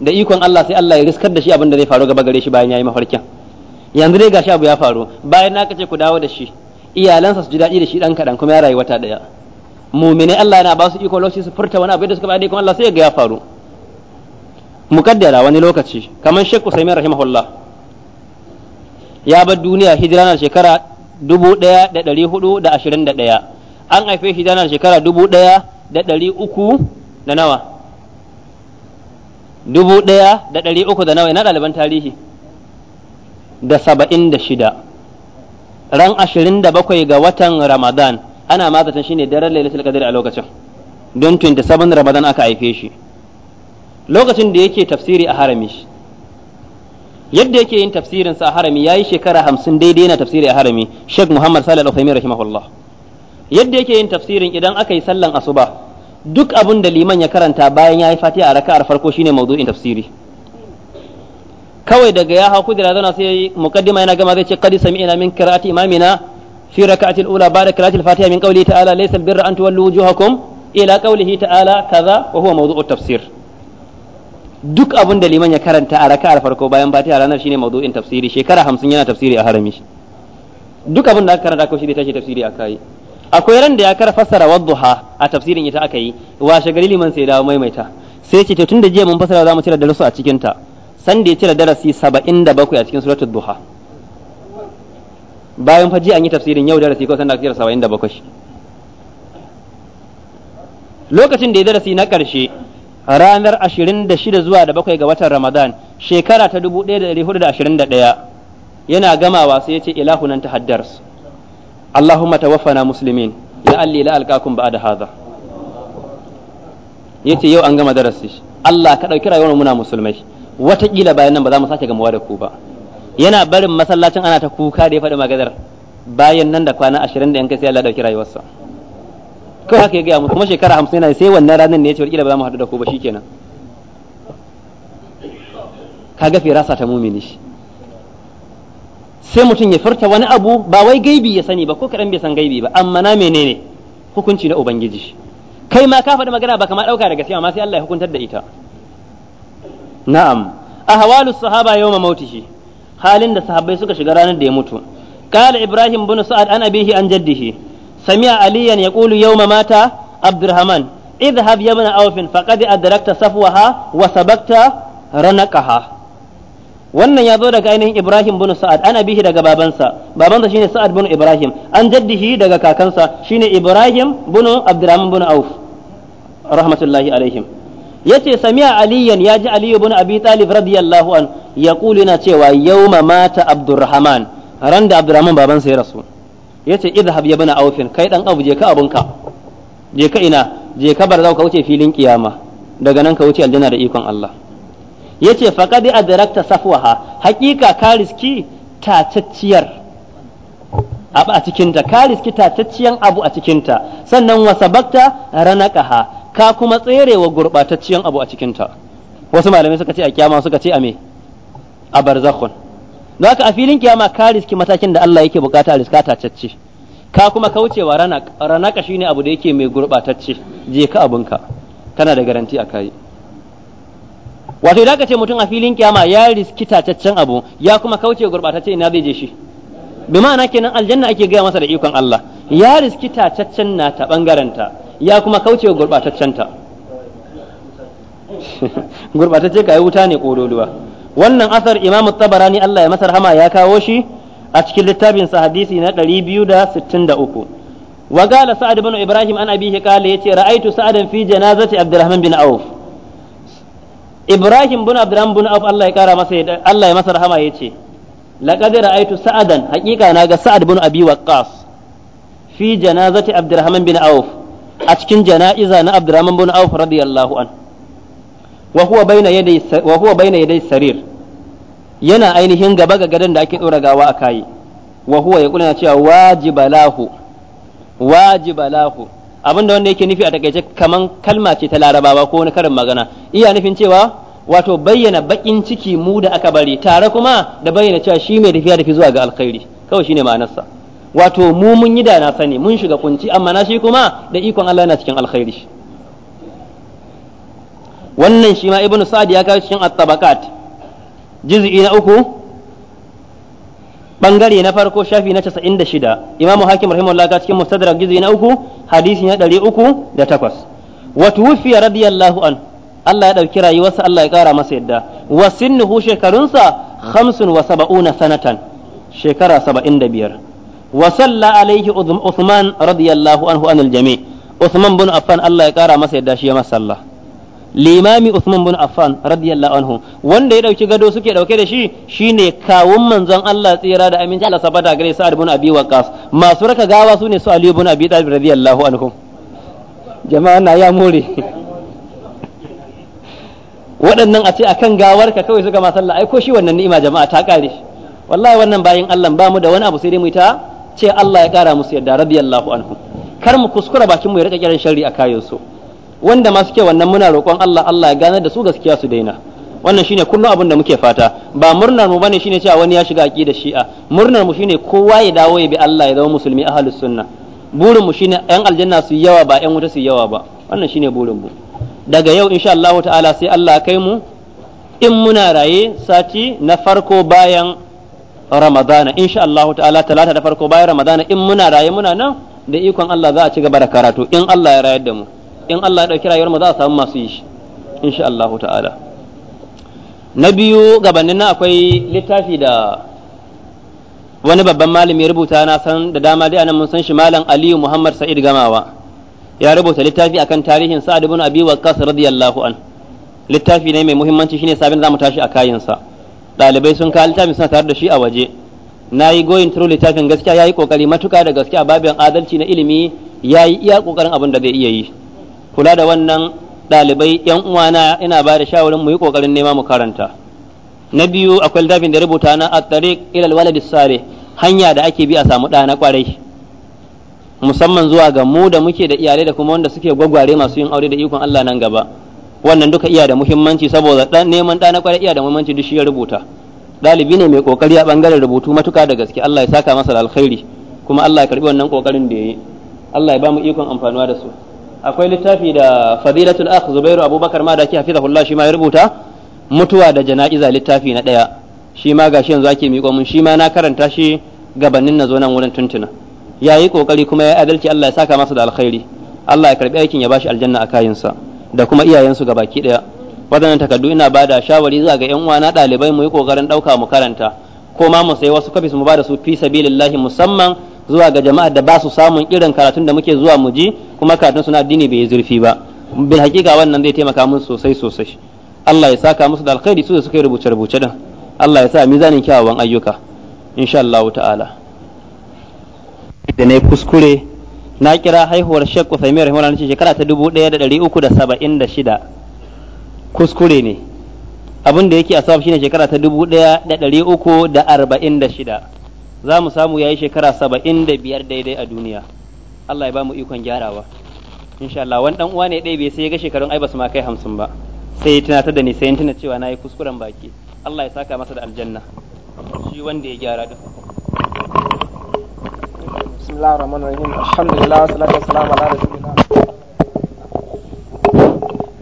da ikon Allah sai Allah ya riskar da shi abin da zai faru gaba gare shi bayan yayi mafarkin yanzu dai gashi abu ya faru bayan na kace ku dawo da shi iyalansa su ji daɗi da shi dan kaɗan kuma ya rayu wata ɗaya mumini Allah yana ba su iko lokaci su furta wani abu da suka ba ikon Allah sai ya ga ya faru mukaddara wani lokaci kamar Sheikh Usaimin rahimahullah ya bar duniya hijira na shekara 1421 an haife shi dana shekara dubu ɗaya da ɗari uku da nawa dubu ɗaya da ɗari uku da nawa ina ɗaliban tarihi da saba'in da shida ran ashirin da bakwai ga watan ramadan ana ne shine daren lailatul qadr a lokacin don 27 ramadan aka haife shi lokacin da yake tafsiri a harami yadda yake yin tafsirinsa a harami ya yi shekara hamsin daidai yana tafsiri a harami shek Muhammad Salih Al-Uthaymeen rahimahullah yadda yake yin tafsirin idan aka yi sallan asuba duk abin da liman ya karanta bayan ya yi fatiha a raka'ar farko shine mawdu'in tafsiri kawai daga ya hau kudura zauna sai muqaddima yana gama zai ce qad sami'na min qira'ati imamina fi raka'atil ula ba da qira'atil fatiha min qawli ta'ala laysa birra an tuwallu wujuhakum ila qawlihi ta'ala kaza wa huwa mawdu'ut tafsir duk abin da liman ya karanta a raka'ar farko bayan fatiha ranar shine mawdu'in tafsiri shekara 50 yana tafsiri a harami duk abin da aka karanta ko shi ne tashi tafsiri a kai akwai ran da ya kara fassara wadduha a tafsirin ita aka yi washe gari liman sai dawo maimaita sai ce to tunda jiya mun fassara za mu cire darasu a cikin ta san da ya cire darasi 77 a cikin suratul duha bayan fa jiya an yi tafsirin yau darasi ko san da cire 77 lokacin da ya darasi na karshe ranar 26 zuwa da bakwai ga watan Ramadan shekara ta 1421 yana gamawa sai ya ce ilahunan tahaddars اللهم توفنا مسلمين لعلي لا ألقاكم بعد هذا yace yau an gama darasi Allah ka ɗauki rayuwar muna musulmai wataƙila bayan nan ba za mu sake gamuwa da ku ba yana barin masallacin ana ta kuka da ya faɗi magadar bayan nan da kwana ashirin da yanka sai Allah ɗauki rayuwarsa ko haka ya gaya mu kuma shekara hamsin yana sai wannan ranar ne ya ce wataƙila ba za mu haɗu da ku ba shikenan ga firasa ta mumini shi sai mutum ya furta wani abu ba wai gaibi ya sani ba ko kaɗan bai san gaibi ba amma na menene hukunci na ubangiji kai ma ka faɗi magana ba kama ɗauka daga gaskiya amma sai Allah ya hukuntar da ita na'am a ahwalus sahaba yawma mautihi halin da sahabbai suka shiga ranar da ya mutu qala ibrahim bin sa'ad an abihi an jaddihi sami'a aliyan yaqulu yawma mata abdurrahman idhhab yabna ibn awf faqad adrakta safwaha wa sabaqta ranaqaha wannan ya zo daga ainihin Ibrahim bin Sa'ad An bihi daga babansa babansa shine Sa'ad bin Ibrahim an jaddihi daga kakansa shine Ibrahim bin Abdurrahman bin Auf rahmatullahi alaihim yace sami'a aliyan ya ji aliyu bin abi talib radiyallahu an yaqulu na cewa yauma mata abdurrahman ran da abdurrahman babansa ya rasu yace idhhab ya bin aufin kai dan abu je ka abunka je ka ina je ka bar zaka wuce filin kiyama daga nan ka wuce aljanna da ikon Allah Ya ce yace a adrakta safwaha haqiqa ka riski tatacciyar abu a cikinta ka riski tatacciyar abu a cikinta sannan wasa bakta ranakaha ka kuma tserewa gurɓatacciyan abu a cikinta wasu malamai suka ce a kyama suka ce a me a barzakhun don haka a filin kyama ka riski matakin da Allah yake bukata riska tatacci ka kuma kaucewa ranak ranaka shine abu da yake mai gurɓatacce je ka abinka kana da garanti a kai wato idan ka ce mutum a filin kiyama ya riski tacaccen abu ya kuma kauce gurbatacce ina zai je shi bi ma'ana kenan aljanna ake gaya masa da ikon Allah ya riski tacaccen na ta bangaranta ya kuma kauce gurbataccen ta gurbatacce kai wuta ne kololuwa wannan asar Imam Tabarani Allah ya masa rahama ya kawo shi a cikin littafin sa hadisi na 263 وقال سعد بن إبراهيم عن أبيه قال qala yace ra'aytu sa'adan fi janazati abdurrahman bin auf Ibrahim bin Abdurrahman bin Auf Allah ya kara masa Allah ya masa rahama yace laqad ra'aytu sa'adan haqiqa na ga sa'ad bin abi waqqas fi janazati Abdurrahman bin Auf a cikin jana'iza na Abdurrahman bin Auf radiyallahu an wa huwa bayna yaday wa huwa bayna yaday sarir yana ainihin gaba ga gadon da ake dora gawa a kai wa huwa yaqulu cewa wajiba lahu. abin da wanda yake nufi a takaice kaman kalma ce ta larabawa ko wani karin magana iya nufin cewa wato bayyana bakin ciki mu da aka bari tare kuma da bayyana cewa shi mai tafiya fi zuwa ga alkhairi kawai shine ma'anarsa wato mu mun yi da na sani mun shiga kunci amma na shi kuma da ikon Allah yana cikin alkhairi wannan shi ma ibnu sa'd ya kawo cikin at-tabaqat juz'i na uku bangare na farko shafi na shida imamu hakim rahimu ka cikin mustadrak juz'i na uku hadisi na 308 wa tuwfiya radiyallahu an Allah ya ɗauki rayuwarsa Allah ya ƙara masa yadda wa sinnuhu shekarunsa saba'una sanatan shekara biyar. wa salla alaihi Uthman radiyallahu anhu anil jami' Uthman bin Affan Allah ya kara masa yadda shi ya masa sallah limami Usman bin Affan radiyallahu anhu wanda ya dauki gado suke dauke da shi shine kawun manzon Allah tsira da aminci Allah sabata gare Sa'ad bin Abi Waqqas masu raka gawa sune su Ali bin Abi Talib radiyallahu anhu jama'a na ya more waɗannan a ce akan gawarka kawai suka masalla sallah ai ko shi wannan ni'ima jama'a ta kare wallahi wannan bayin Allah ba mu da wani abu sai dai mu ta ce Allah ya kara musu yadda radiyallahu anhu kar mu kuskura bakin mu ya rika kiran sharri a kayan su wanda masu suke wannan muna roƙon Allah Allah ya ganar da su gaskiya su daina wannan shine kullum abin da muke fata ba murnar mu bane shine cewa wani ya shiga aqidar shi'a murnar mu shine kowa ya dawo ya bi Allah ya zama musulmi ahlus sunna burin mu shine yan aljanna su yawa ba yan wuta su yawa ba wannan shine burin mu daga yau insha Allah ta'ala sai Allah ya kai mu in muna raye sati na farko bayan ramadana insha Allah ta'ala talata da farko bayan ramadana in muna raye muna nan da ikon Allah za a ci gaba da karatu in Allah ya rayar da mu in Allah ya ɗauki rayuwar mu za a samu masu yi shi insha Allah ta'ala na biyu gabanin na akwai littafi da wani babban malami rubuta na san da dama dai anan mun san shi malam Aliyu Muhammad Sa'id Gamawa ya rubuta littafi akan tarihin Sa'ad ibn Abi Waqqas radiyallahu an littafi ne mai muhimmanci shine sabin zamu tashi a kayinsa Dalibai sun ka littafin suna tare da shi a waje na yi going through littafin gaskiya ya yi ƙoƙari matuka da gaskiya babin adalci na ilimi ya yi iya ƙoƙarin abin da zai iya yi kula da wannan ɗalibai yan uwana ina ba da shawarin mu yi ƙoƙarin nema mu karanta na biyu akwai littafin da rubuta na at-tariq ila al sare, hanya da ake bi a samu ɗa na kwarai musamman zuwa ga mu da muke da iyalai da kuma wanda suke gwagware masu yin aure da ikon Allah nan gaba wannan duka iya da muhimmanci saboda dan neman ɗa na kwarai iya da muhimmanci duk shi ya rubuta ɗalibi ne mai kokari a bangaren rubutu matuƙa da gaske Allah ya saka masa alkhairi kuma Allah ya karbi wannan kokarin da yayi Allah ya ba mu ikon amfanuwa da su akwai littafi da fadilatul akh zubairu abubakar ma da ke hafizahullah shi ma ya rubuta mutuwa da jana'iza littafi na daya shi ma gashi yanzu ake miƙo mun shi ma na karanta shi gabanin na zo nan wurin tuntuna yayi kokari kuma ya yi adalci Allah ya saka masa da alkhairi Allah ya karbi aikin ya bashi aljanna a kayinsa da kuma iyayensu baki daya wadannan takardu ina bada shawari zuwa ga yan uwana ɗalibai mu yi kokarin ɗauka mu karanta ko ma mu sayi wasu kafis mu bada su fi sabilillahi musamman zuwa ga jama'ar da ba su samun irin karatun da muke zuwa mu ji kuma karatun suna addini bai yi zurfi ba bil hakika wannan zai taimaka mun sosai sosai Allah ya saka musu da alkhairi su da suka rubuce rubuce din Allah ya sa mizanin kyawawan ayyuka insha Allah ta'ala da ne kuskure na kira haihuwar Sheikh Uthaymeen rahimahullah ce shekara ta 1376 kuskure ne abin da yake sabu shine shekara ta 1346 za mu samu yayi shekara 75 daidai a duniya Allah ya ba mu ikon gyarawa insha Allah wani dan uwa ne ɗaya bai sai ya ga shekarun ai basu ma kai hamsin ba sai ya tunatar da ni sai ya tuna cewa na yi kuskuren baki Allah ya saka masa da aljanna shi wanda ya gyara din bismillahir rahmanir rahim alhamdulillah salatu wassalamu ala rasulillah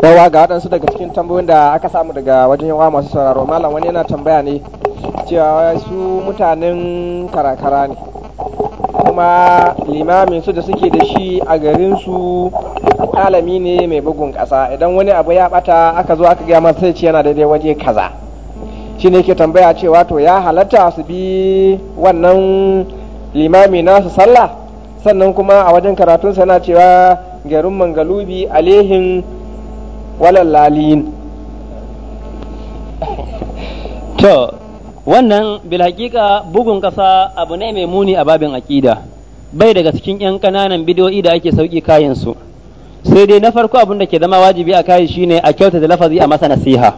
yawa ga waɗansu daga cikin tambayoyin da aka samu daga wajen yawa masu sauraro malam wani yana tambaya ne cewa su mutanen karakara ne kuma limamin su da suke da shi a garin su alami ne mai bugun ƙasa idan wani abu ya bata aka zo aka gaya masa sai ce yana daidai waje kaza shi ne ke tambaya cewa to ya halatta su bi wannan limami nasu sallah sannan kuma a wajen karatunsa yana cewa garin mangalubi alehin walallalin to wannan bilhakika bugun ƙasa abu ne mai muni a babin aƙida bai daga cikin 'yan ƙananan bidiyoyi da ake sauƙi kayansu sai dai na farko abin da ke zama wajibi a kayi shine a kyautata lafazi a masa nasiha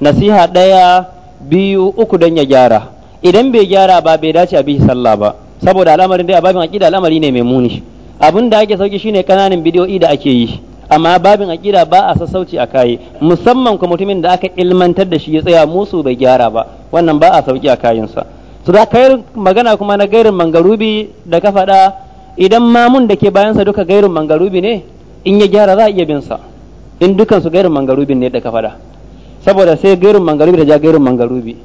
nasiha ɗaya biyu uku don ya gyara idan bai gyara ba bai dace a bihi sallah ba saboda al'amarin dai a babin aƙida al'amari ne mai muni abin da ake sauƙi shine ƙananan bidiyoyi da ake yi amma babin akida ba a sassauci a kayi musamman kuma mutumin da aka ilmantar da shi ya tsaya musu bai gyara ba wannan ba a sauki a kayansa su da kayar magana kuma na gairin mangarubi da ka faɗa idan mamun da ke bayansa duka gairin mangarubi ne in ya gyara za a iya bin sa in dukan su gairin mangarubin ne da ka faɗa saboda sai gairin mangarubi da ja gairin mangarubi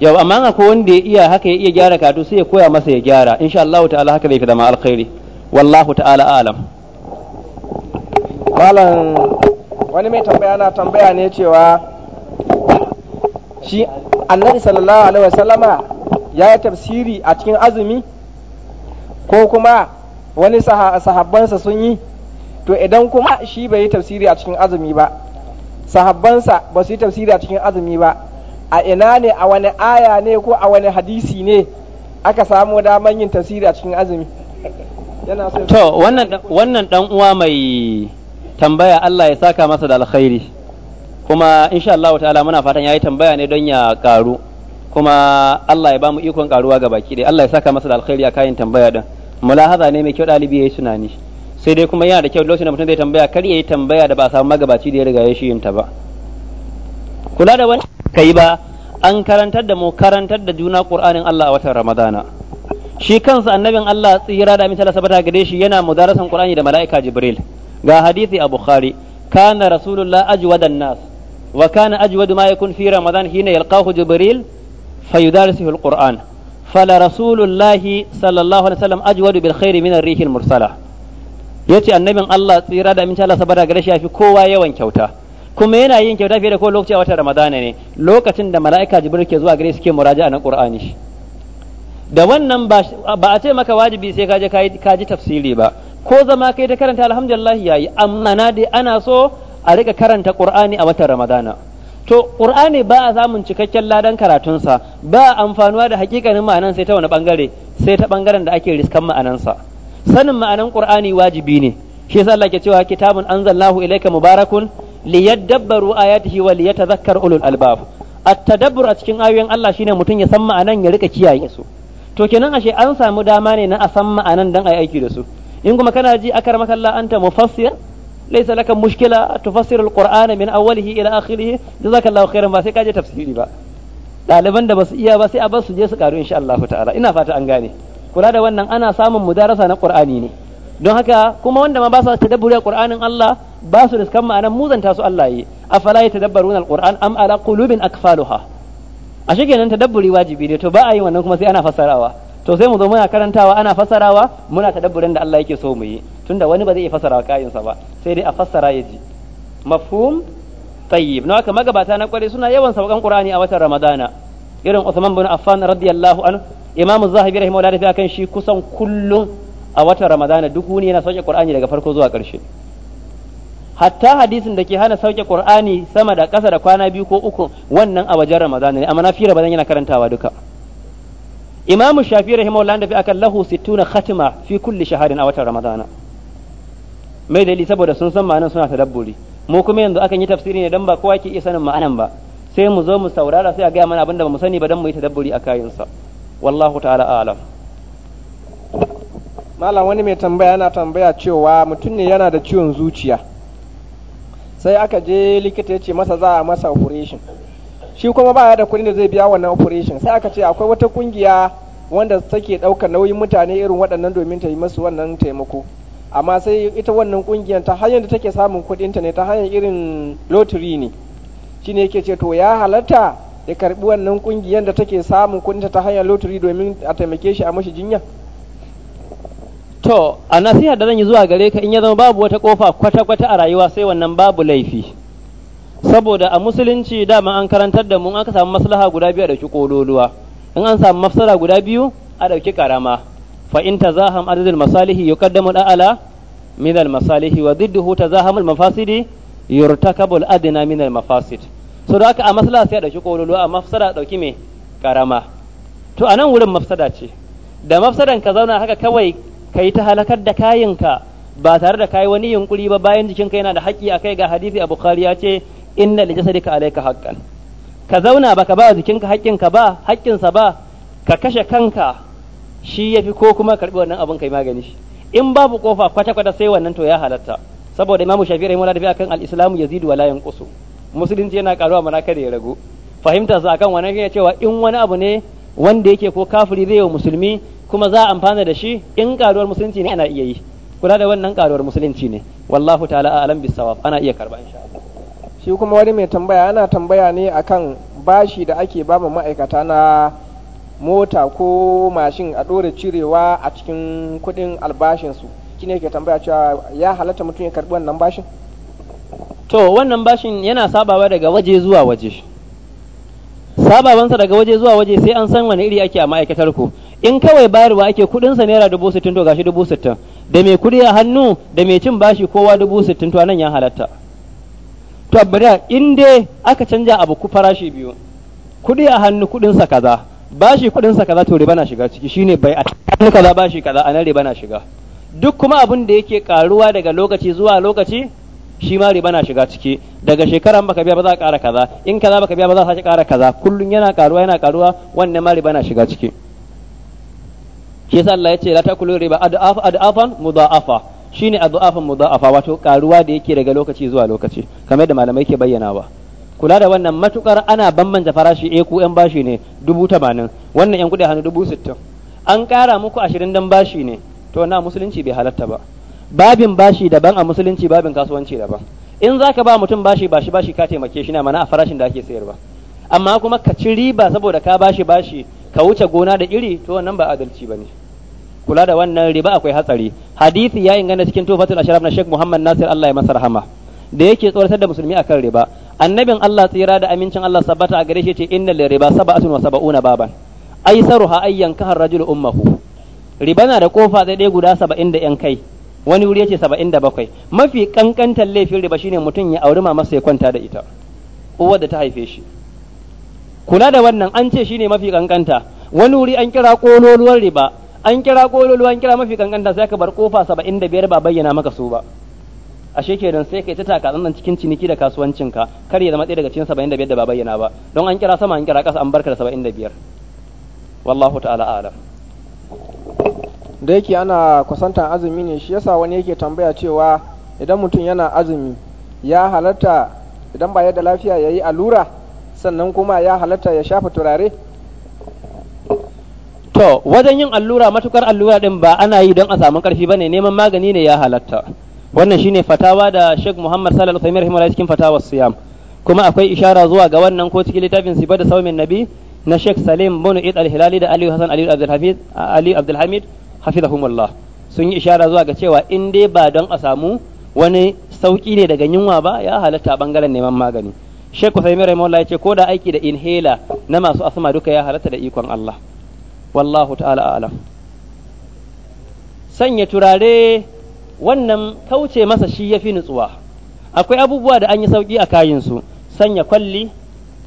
yau amma akwai wanda ya iya haka ya iya gyara katu sai ya koya masa ya gyara insha Allah ta'ala haka zai fi zama alkhairi wallahu ta'ala alam malam wani mai tambaya na tambaya ne cewa shi annabi sallallahu alaihi wasallama ya yi tafsiri a cikin azumi ko kuma wani sahabbansa sun yi to idan kuma shi bai yi tafsiri a cikin azumi ba sahabbansa ba su yi tafsiri a cikin azumi ba a ina ne a wani aya ne ko a wani hadisi ne aka samu daman yin tafsiri a cikin azumi to wannan dan uwa mai tambaya Allah ya saka masa da alkhairi kuma insha Allah ta'ala muna fatan yayi tambaya ne don ya karu kuma Allah ya bamu ikon karuwa ga baki dai Allah ya saka masa da alkhairi a kayan tambaya din mulahaza ne mai kyau dalibi yayi tunani sai dai kuma yana da kyau lokacin da mutum zai tambaya kar yayi tambaya da ba samu magabaci da ya riga ya shiyin ta ba kula da wani kai ba an karantar da mu karantar da juna Qur'anin Allah a watan Ramadana shi kansa annabin Allah tsira da misala sabata gare shi yana mudarasan Qur'ani da mala'ika Jibril ga hadisi a bukhari kana rasulullah ajwada nas wa kana ajwadu ma yakun fi ramadan hina yalqahu jibril fayudarisuhu alquran fala rasulullah sallallahu alaihi wasallam ajwadu bil khair min ar al mursala yace annabin Allah tsira da aminci Allah sabara gare shi yafi kowa yawan kyauta kuma yana yin kyauta fiye da kowa lokacin watan ramadana ne lokacin da mala'ika jibril ke zuwa gare shi ke muraja'a na qur'ani da wannan ba a ce maka wajibi sai ka je ka ji tafsiri ba ko zama kai ta karanta alhamdulillah yayi amma na dai ana so a rika karanta qur'ani a watan ramadana to qur'ani ba a samun cikakken ladan karatun sa ba a amfanuwa da hakikanin ma'anan sai ta wani bangare sai ta bangaren da ake riskan ma'anan sa sanin ma'anan qur'ani wajibi ne shi yasa Allah ke cewa kitabun anzalnahu ilayka mubarakun liyadabbaru ayatihi wa liyatadhakkaru ulul albab at-tadabbur a cikin ayoyin Allah shine mutum ya san ma'anan ya rika kiyaye su to kenan ashe an samu dama ne na a san ma'anan dan ayi aiki da su in kuma kana ji akar makalla anta mufassir laysa laka mushkila tufassir alquran min awwalihi ila akhirih jazakallahu khairan ba sai ka je tafsiri ba ɗaliban da basu iya ba sai a bar su je su karu insha Allah ta'ala ina fata an gane kula da wannan ana samun mudarasa na qur'ani ne don haka kuma wanda ma ba su tadabburi qur'anin Allah ba su kan ma'anan muzanta su Allah yi afala yatadabbaruna alquran am ala qulubin akfaluha a shi kenan tadabburi wajibi ne to ba a yi wannan kuma sai ana fassarawa to sai mu zo muna karantawa ana fasarawa muna tadabburin da Allah yake so mu yi tunda wani ba zai iya fasara sa ba sai dai a fassara ya ji mafhum tayyib na haka magabata na kware suna yawan saukan qur'ani a watan ramadana irin Uthman bin Affan radiyallahu anhu Imam Zahabi rahimahullah da kan shi kusan kullum a watan ramadana duk wuni yana sauke qur'ani daga farko zuwa karshe hatta hadisin da ke hana sauke qur'ani sama da ƙasa da kwana biyu ko uku wannan a wajen ramadana ne amma na fira bazan yana karantawa duka imamu shafi rahimahullah da fi akan lahu sittuna khatima fi kulli shahadin a watan ramadana mai dalili saboda sun san ma'anan suna tadabburi mu kuma yanzu akan yi tafsiri ne dan ba kowa ke iya sanin ma'anan ba sai mu zo mu saurara sai a gaya mana abinda ba mu sani ba dan mu yi tadabburi a kayansa wallahu ta'ala a'lam malam wani mai tambaya yana tambaya cewa mutum ne yana da ciwon zuciya sai aka je likita ya ce masa za a masa operation shi kuma ba da kuɗin da zai biya wannan operation sai aka ce akwai wata kungiya wanda take ɗaukar nauyin mutane irin waɗannan domin ta yi musu wannan taimako amma sai ita wannan kungiyar ta hanyar da take samun kuɗinta ne ta hanyar irin lotiri ne shine yake ce to ya halatta ya karbi wannan kungiyar da take samun kuɗinta ta hanyar lotiri domin a taimake shi a mashi jinya to a nasiha da zan yi zuwa gare ka in ya zama babu wata kofa kwata-kwata a rayuwa sai wannan babu laifi saboda a musulunci dama an karantar da mu an samu maslaha guda biyu a dauki kololuwa in an samu mafsala guda biyu a dauki karama fa in tazaham adadul masalihi yuqaddamu ala min al masalihi wa didduhu tazaham al mafasidi yurtakabu al adna min al mafasid so da haka a maslaha sai a dauki kololuwa a mafsada a dauki me karama to anan wurin mafsada ce da mafsadan ka zauna haka kawai kai ta halakar da kayinka ba tare da kai wani yunkuri ba bayan jikinka yana da haƙƙi akai ga hadisi a bukhari ya ce inna li jasadika alayka haqqan ka zauna baka ba jikinka haƙƙinka ba haƙƙinsa ba ka kashe kanka shi ya fi ko kuma karbi wannan abun kai magani shi in babu kofa kwata kwata sai wannan to ya halatta saboda imamu shafi'i rahimahullah da kan al-islamu yazidu wala yanqusu musulunci yana karuwa mana kada ya ragu fahimta sa akan wannan ya cewa in wani abu ne wanda yake ko kafiri zai yi musulmi kuma za a amfana da shi in karuwar musulunci ne ana iya yi kula da wannan karuwar musulunci ne wallahu ta'ala a'lam bisawab ana iya karba insha Allah shi kuma wani mai tambaya ana tambaya ne akan bashi da ake ba ma'aikata na mota ko mashin a ɗora cirewa a cikin kuɗin albashinsu shi ne ke tambaya cewa ya halatta mutum ya karɓi wannan bashin to wannan bashin yana sabawa daga waje zuwa waje sababansa daga waje zuwa waje sai an san wani iri ake a ma'aikatar ku in kawai bayarwa ake kuɗinsa naira dubu sittin to gashi dubu sittin da mai kuɗi a hannu da mai cin bashi kowa dubu sittin to nan ya halatta to abada in dai aka canja abu ku farashi biyu kuɗi a hannu kudin sa kaza bashi kudin sa kaza to riba na shiga ciki shine bai a hannu kaza bashi kaza anan riba na shiga duk kuma abun da yake karuwa daga lokaci zuwa lokaci shi ma riba na shiga ciki daga shekaran baka biya ba za a ƙara kaza in kaza baka biya ba za a sake ƙara kaza kullun yana karuwa yana karuwa wannan ma riba na shiga ciki shi yasa Allah ya ce la takulu riba ad'afan mudha'afa Shi ne shine addu'afan mudha'afa wato karuwa da yake daga lokaci zuwa lokaci kamar da malamai ke bayyanawa kula da wannan matukar ana bambanta farashi a ku yan bashi ne dubu tamanin wannan yan kudi hannu dubu sittin an kara muku ashirin dan bashi ne to na musulunci bai halatta ba babin bashi daban a musulunci babin kasuwanci daban in zaka ba mutum bashi bashi bashi ka taimake shi na mana a farashin da ake sayarwa amma kuma ka ci riba saboda ka bashi bashi ka wuce gona da iri to wannan ba adalci bane kula da wannan riba akwai hatsari hadisi ya inganta cikin tufatul ashraf na Sheikh Muhammad Nasir Allah ya masa rahama da yake tsoratar da musulmi akan riba annabin Allah tsira da amincin Allah sabbata a gare shi ce innal riba sab'atun wa sab'una baban aisaruha ayyan kahar rajul ummuhu riba na da kofa zai ɗaya guda saba'in da yan kai wani wuri yace saba'in da bakwai mafi kankantar laifin riba shine mutum ya auri mama ya kwanta da ita uwar da ta haife shi kula da wannan an ce shine mafi kankanta wani wuri an kira kololuwar riba an kira kololo an kira mafi kankanta sai ka bar kofa saba'in da biyar ba bayyana maka su ba ashe kenan sai kai ta taka nan cikin ciniki da kasuwancinka kar ya zama ɗaya daga cikin saba'in da biyar da ba bayyana ba don an kira sama an kira ƙasa an barka da saba'in da biyar wallahu ta'ala alam da yake ana kusantar azumi ne shi yasa wani yake tambaya cewa idan mutum yana azumi ya halatta idan ba ya da lafiya ya yi allura sannan kuma ya halatta ya shafa turare to wajen yin allura matukar allura din ba ana yi don a samu karfi bane neman magani ne ya halatta wannan shine fatawa da Sheikh Muhammad Sallallahu Alaihi Wasallam cikin fatawar siyam kuma akwai ishara zuwa ga wannan ko cikin littafin sibar da saumin nabi na Sheikh Salim bin Eid al-Hilali da Aliyu Hassan Aliyu Abdul Hafiz Ali Abdul Hamid hafizahumullah sun yi ishara zuwa ga cewa in dai ba don a samu wani sauki ne daga yunwa ba ya halatta bangaren neman magani Sheikh Usaimin Rahimahullah ya ce ko da aiki da inhaler na masu asma duka ya halatta da ikon Allah wallahu ta'ala alam sanya turare wannan kauce masa shi ya fi nutsuwa akwai abubuwa da an yi sauki a kayinsu sanya kwalli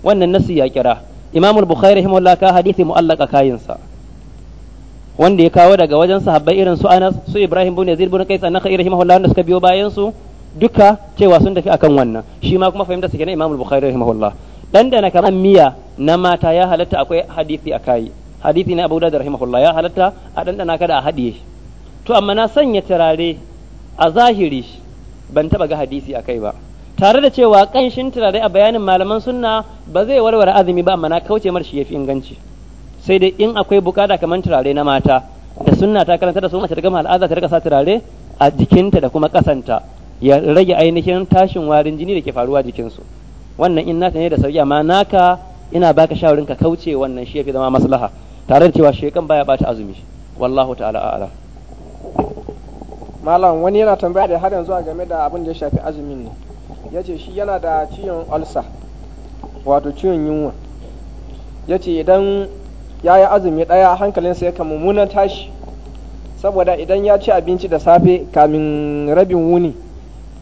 wannan nasi ya kira al bukhari rahimahullah ka hadithi mu'allaka kayinsa wanda ya kawo daga wajen sahabbai irin su Anas su Ibrahim bin Yazid bin Qais an-Nakhai rahimahullah wanda suka biyo bayan su duka cewa sun tafi akan wannan shi ma kuma fahimta su kenan Imam Bukhari rahimahullah dan da na miya na mata ya halatta akwai hadisi a kai hadisi na Abu Dawud rahimahullah ya halatta a ɗanɗana kada a haɗiye shi to amma na sanya turare a zahiri ban taɓa ga hadisi a kai ba tare da cewa ƙanshin turare a bayanin malaman sunna ba zai warware azumi ba amma na kauce mar shi ya fi inganci sai dai in akwai bukata kamar turare na mata da sunna ta karanta da su mace ta gama al'ada ta rika sa turare a jikinta da kuma kasanta ya rage ainihin tashin warin jini da ke faruwa jikinsu wannan in naka ne da sauki amma naka ina baka shawarin ka kauce wannan shi ya fi zama maslaha tare da cewa shekan baya bata azumi wallahu ta'ala a'ala malam wani yana tambaya da har yanzu a game da abin da ya shafi azumin ne ya ce shi yana da ciwon ulcer wato ciwon yunwa ya ce idan ya yi azumi ɗaya hankalinsa ya kama mummunan tashi saboda idan ya ci abinci da safe kamin rabin wuni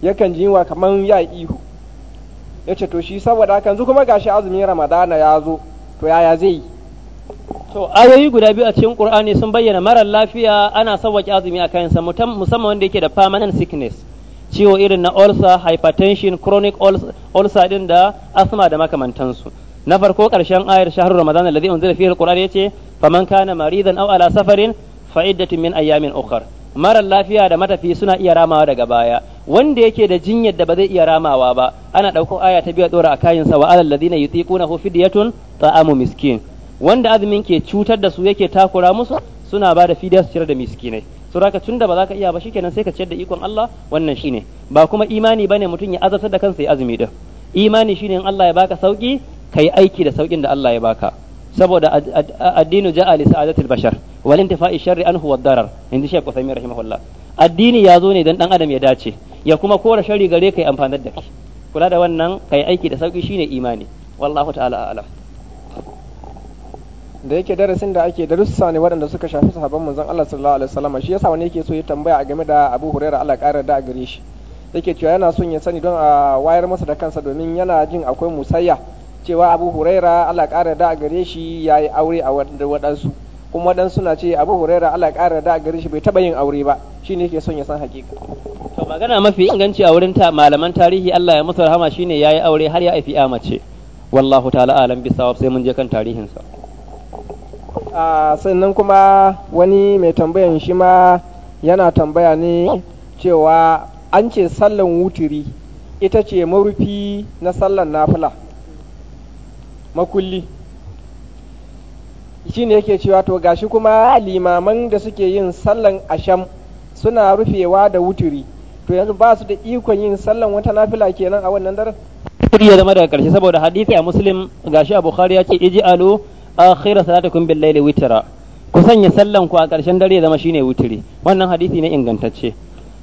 yakan ji yunwa kamar ya ihu ya ce to shi saboda kanzu kuma gashi azumin ramadana ya zo to yaya zai yi to ayoyi guda biyu a cikin Qur'ani sun bayyana marar lafiya ana sawwaki azumi a kayan musamman wanda yake da permanent sickness ciwo irin na ulcer hypertension chronic ulcer din da asma da makamantansu na farko karshen ayar shahrul ramadan alladhi unzila fihi alquran yace faman kana maridan aw ala safarin fa iddatun min ayamin ukhra marar lafiya da matafi suna iya ramawa daga baya wanda yake da jinyar da ba zai iya ramawa ba ana ɗauko aya ta biya dora a kayansa wa alal ladina yutiquna hu fidyatun ta'amu miskin wanda azumin ke cutar da su yake takura musu suna ba da fidiya su ciyar da miskinai su raka tun da ba za ka iya ba shikenan sai ka ciyar da ikon Allah wannan shine ba kuma imani bane mutum ya azabtar da kansa ya azumi din imani shine in Allah ya baka sauki kai aiki da saukin da Allah ya baka saboda addinu ja'a li sa'adatil bashar wal intifa'i sharri anhu wad darar inda Sheikh Uthaymeen rahimahullah addini ya zo ne dan dan adam ya dace ya kuma kora shari gare kai amfanar da kai kula da wannan kai aiki da sauki shine imani wallahu ta'ala a'lam da yake darasin da ake darussa ne waɗanda suka shafi sahabban manzon Allah sallallahu alaihi wasallam shi yasa wani yake so ya tambaya a game da Abu Hurairah Allah ƙara da gare shi yake cewa yana son ya sani don a wayar masa da kansa domin yana jin akwai musayya cewa Abu Hurairah Allah ƙara da gare shi yayi aure a waɗansu kuma dan na ce Abu Hurairah Allah ƙara da gare shi bai taɓa yin aure ba shine yake son ya san hakika to magana mafi inganci a wurin ta malaman tarihi Allah ya musu rahama shine yayi aure har ya aifi mace wallahu ta'ala alam bisawab sai mun je kan sa sannan kuma wani mai tambayan shi ma yana tambaya ne cewa an ce sallan wuturi ita ce marufi na sallan nafila makulli shi ne yake cewa to gashi kuma limaman da suke yin sallan asham suna rufewa da wuturi to yanzu ba su da ikon yin sallan wata nafila kenan a wannan daren ya zama daga karshe saboda hadisi a muslim gashi a bukhari ya ce iji alo akhira salatukum bil layli witra ku sanya sallan ku a ƙarshen dare ya zama shine witri wannan hadisi ne ingantacce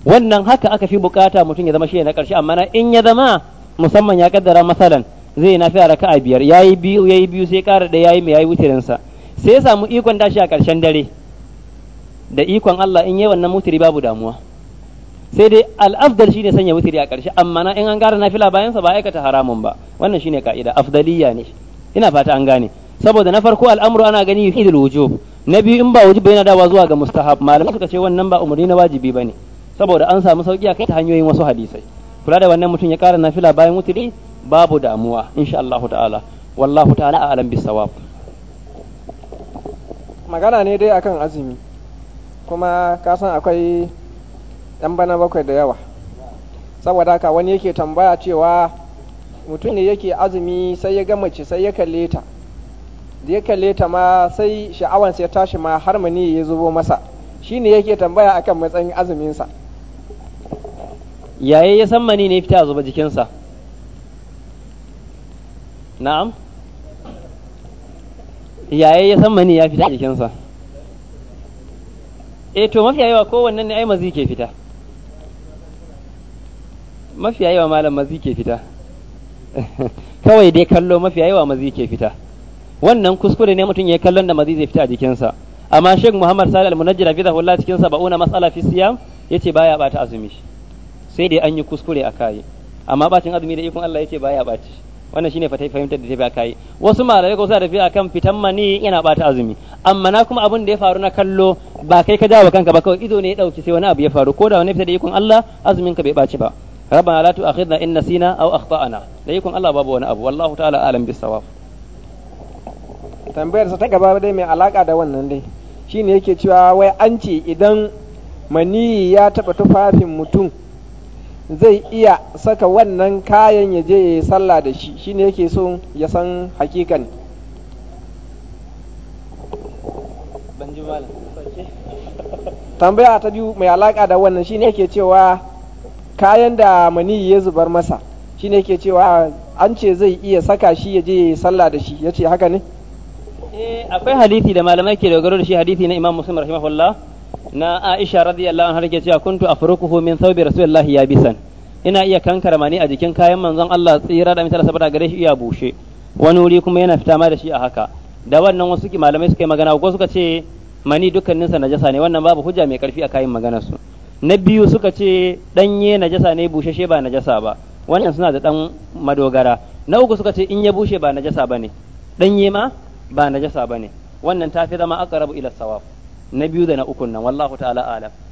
wannan haka aka fi bukata mutum ya zama shi na ƙarshe amma in ya zama musamman ya kaddara masalan zai na fiya raka'a biyar yayi biyu yayi biyu sai ƙara da yayi mai yayi witrin sa sai ya samu ikon dashi a ƙarshen dare da ikon Allah in yi wannan witri babu damuwa sai dai al'afdal shine sanya witri a ƙarshe amma na in an gara nafila bayan sa ba aikata haramun ba wannan shine ka'ida afdaliya ne ina fata an gane saboda na farko al'amuru ana gani idil wujub na biyu in ba wujub yana dawa zuwa ga mustahab malamai suka ce wannan ba umarni na wajibi bane saboda an samu sauki a kai ta hanyoyin wasu hadisai kula da wannan mutum ya kara nafila bayan wuturi babu damuwa insha Allah ta'ala wallahu ta'ala a'lam bisawab magana ne dai akan azumi kuma ka san akwai yan bana bakwai da yawa saboda haka wani yake tambaya cewa mutum ne yake azumi sai ya ga mace sai ya kalle ta da ya kalle ta ma sai sha'awansa ya tashi ma har mani ya zubo masa shine yake tambaya akan matsayin azumin sa yaye ya san mani ne fita a zuba jikinsa na'am yaye ya san mani ya fita a jikinsa e to mafiya yawa wannan ne ai mazi ke fita mafiya yawa malam mazi ke fita kawai dai kallo mafiya yawa mazi ke fita wannan kuskure ne mutum ya kallon da mazi zai fita a jikinsa amma Sheikh Muhammad Salih Al-Munajjir cikinsa cikin saba'una mas'ala fi siyam yace baya bata azumi sai dai an yi kuskure a kai amma bacin azumi da ikon Allah yace baya baci wannan shine fata fahimtar da tafi a kai wasu malamai ko suna tafi akan fitan mani yana bata azumi amma na kuma abin da ya faru na kallo ba kai ka jawo kanka ba kawai ido ne ya dauki sai wani abu ya faru ko da wani fita da ikon Allah azumin ka bai baci ba ربنا لا تؤاخذنا إن نسينا أو أخطأنا لا يكون الله باب وأنا أبو والله تعالى أعلم بالصواب tambayarsa ta gaba dai mai alaka da wannan dai shine yake cewa wai an ce idan mani ya taɓa tufafin mutum zai iya saka wannan kayan ya je ya yi sallah da shi shine yake so ya san hakikan tambaya ta biyu mai alaka da wannan shine yake cewa kayan da mani ya zubar masa shine yake cewa an ce zai iya saka shi ya je ya yi sallah da shi ya ce haka ne? eh akwai hadisi da malamai ke dogaro da shi hadisi na Imam Muslim rahimahullah na Aisha radiyallahu anha take cewa kuntu afruquhu min thawbi Rasulullah ya bisan ina iya kankara mani a jikin kayan manzon Allah tsira da misali saboda gare shi iya bushe wani wuri kuma yana fita ma da shi a haka da wannan wasu malamai suka yi magana ko suka ce mani dukkaninsa najasa ne wannan babu hujja mai karfi a kayan maganar su na biyu suka ce ɗanye najasa ne bushashe ba najasa ba wannan suna da ɗan madogara na uku suka ce in ya bushe ba najasa ba ne ma ba najasa bane wannan ta fi zama aqrabu ila sawab na biyu da na ukun nan wallahu ta'ala alam